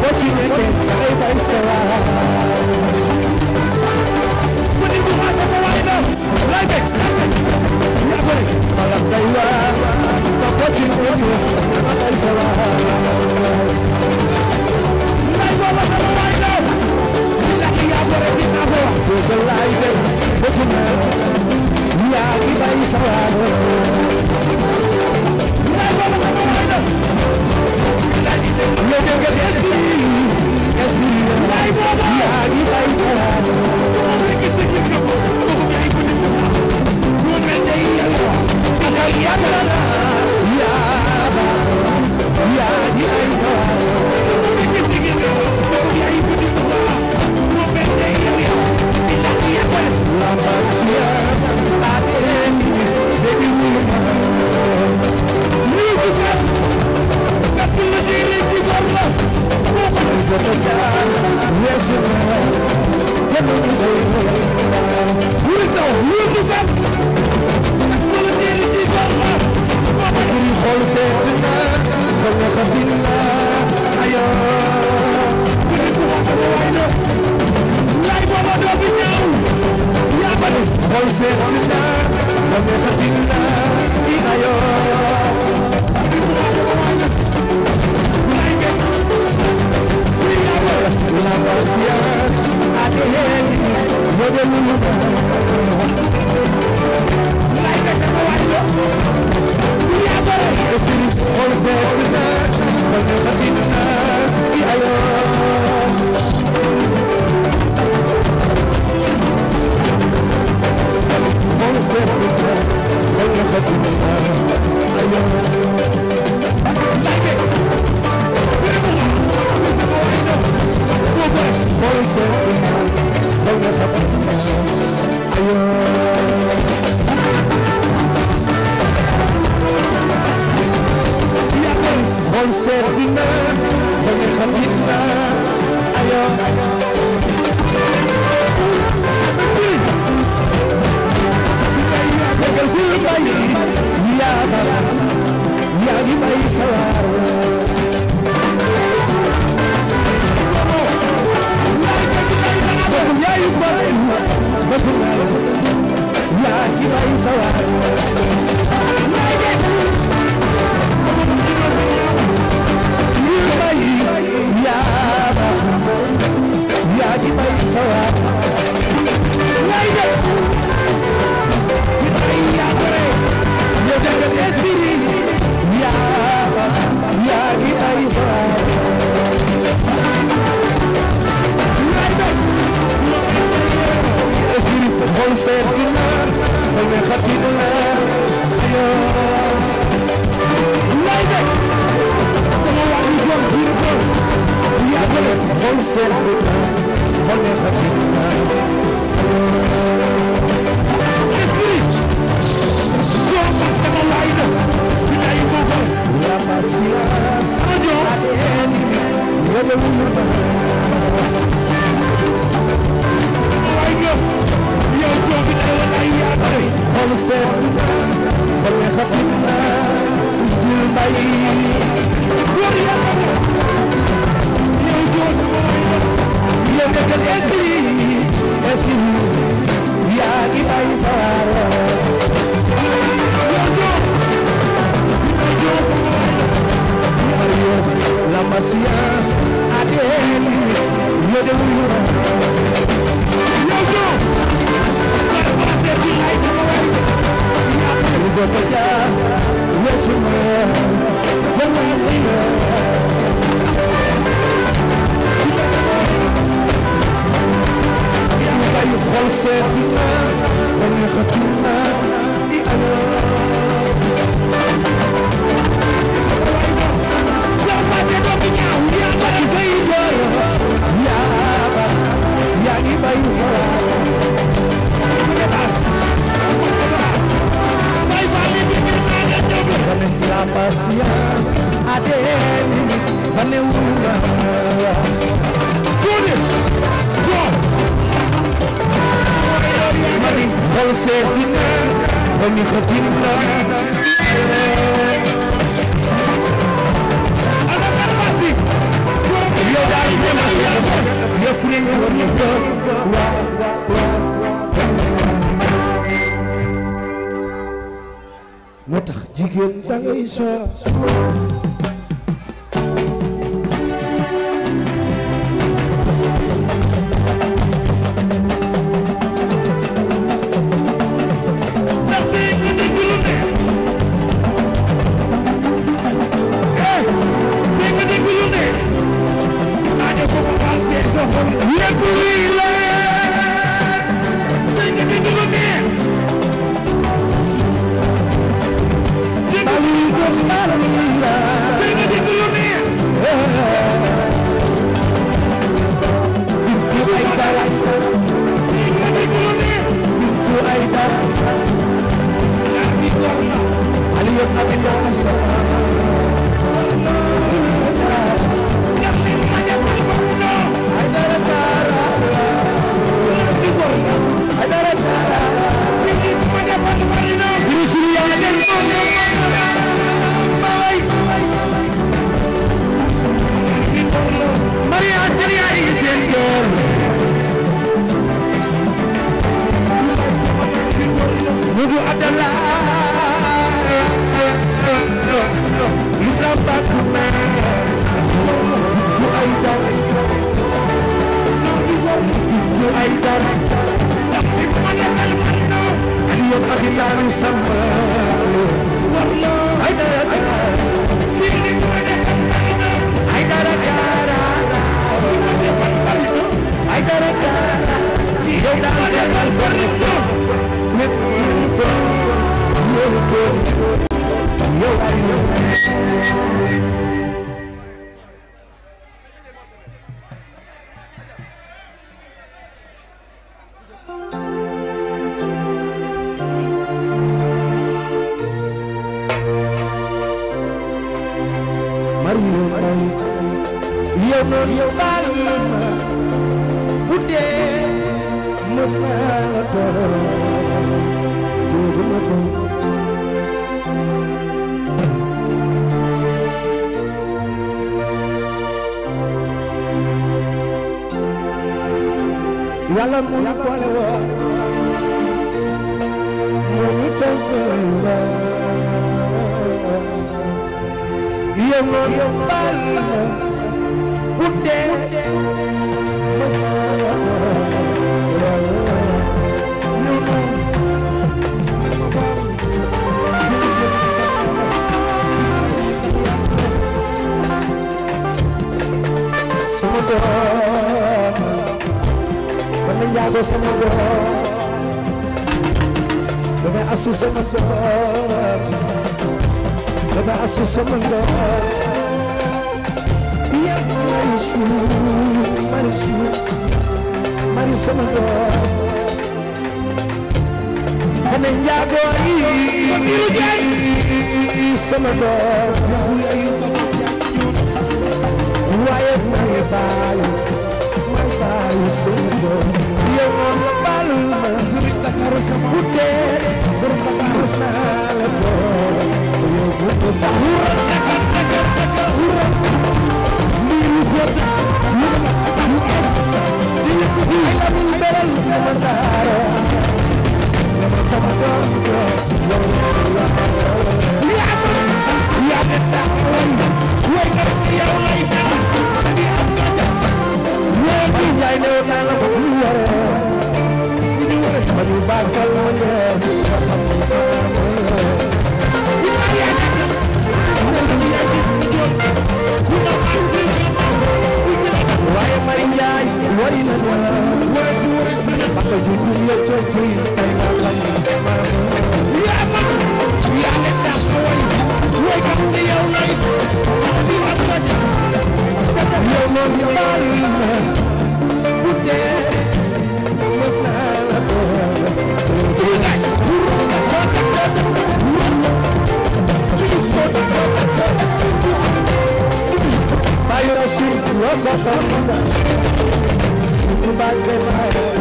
ko ci nekk ay bay salaam bëri maanaam day waar nga continué ko nga day sa waar. ndax booba sama waay daw li la ki yaa bëri gis naa ko wax. booba laay dem bëgg naa yaa ngi bay sa waar. yóbbu yóbbal la guddee sama doom man njaago sama doom damay asu sama doom وبأسس منظر يا مرسول مرسول مرسول منظر ومن جاغوري وزير جاي سمدر وايد ما يبالي ما يبالي سمدر يا مرسول مرسول تكرس بوتي برمكرسنا Bakal menyebut waaye Mari Njaay wari na la parce que du la josi say na xam yaa ma yaa ne tax way way kam ne yow lay di wax ma di yow moom yu bari na bu dee mos naa la ko ayọ̀ sí lọ́kọ̀ kan nígbà tó bá gbé báyọ̀.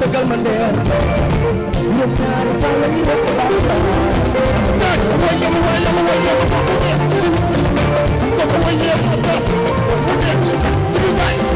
Tegal mandir, yung kaya pala yung Thank you.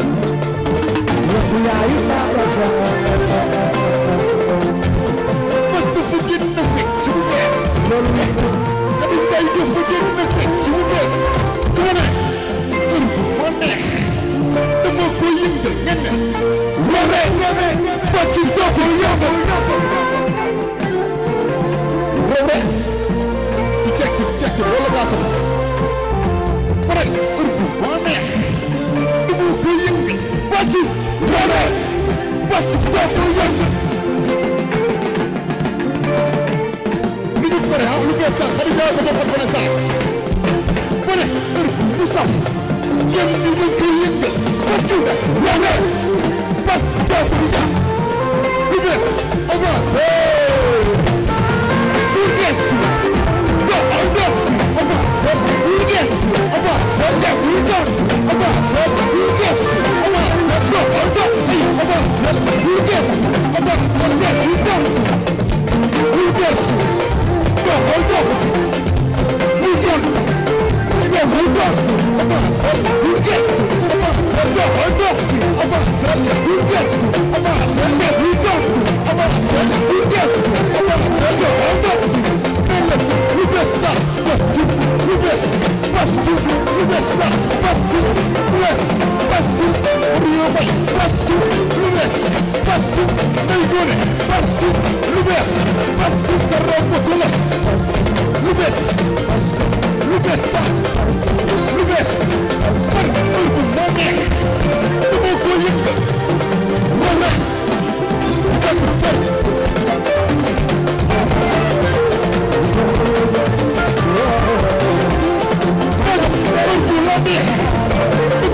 Brasil! wane Pastef doo yëngu. li ñu bëre ah lu bees tax Khady Diaw dafa ko sax bëre heure bu saf ngeen ñu mën ko yëngal parce que wane Pastef doo yëngu. lu bees avance. lu bees doo ay def avance. lu bees avance def lu doon avance lu bees. Let's go. West Bastu Rio Bay Bastu lu bees Bastu day doole Bastu lu bees Bastu dara bokk la lu bees lu bees tax lu bees man heure bu ma neex dama ko yëg wala jàng tel Yeah.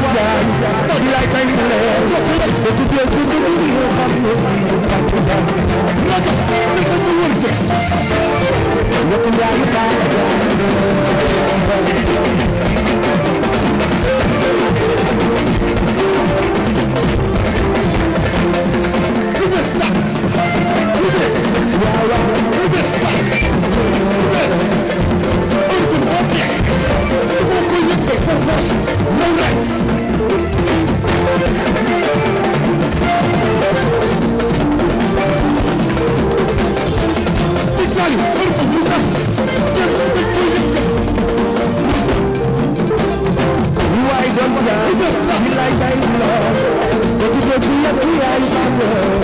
doon jaay di lay fay mu leer ba du dee bu dul yoo xam ne ñu tànk jaay moo tax naka mu wër de ñëpp njaay tànk lu bés la lu bés waaw waaw lu bés la lu bés Like I love, but you don't be a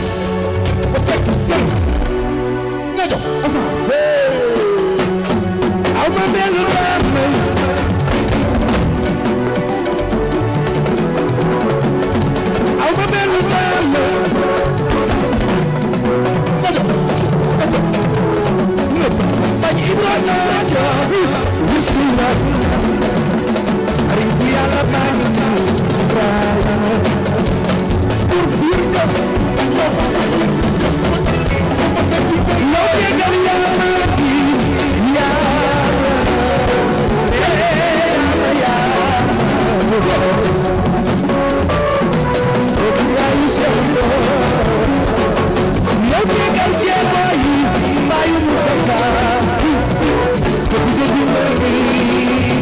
Oh,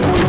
Whoop!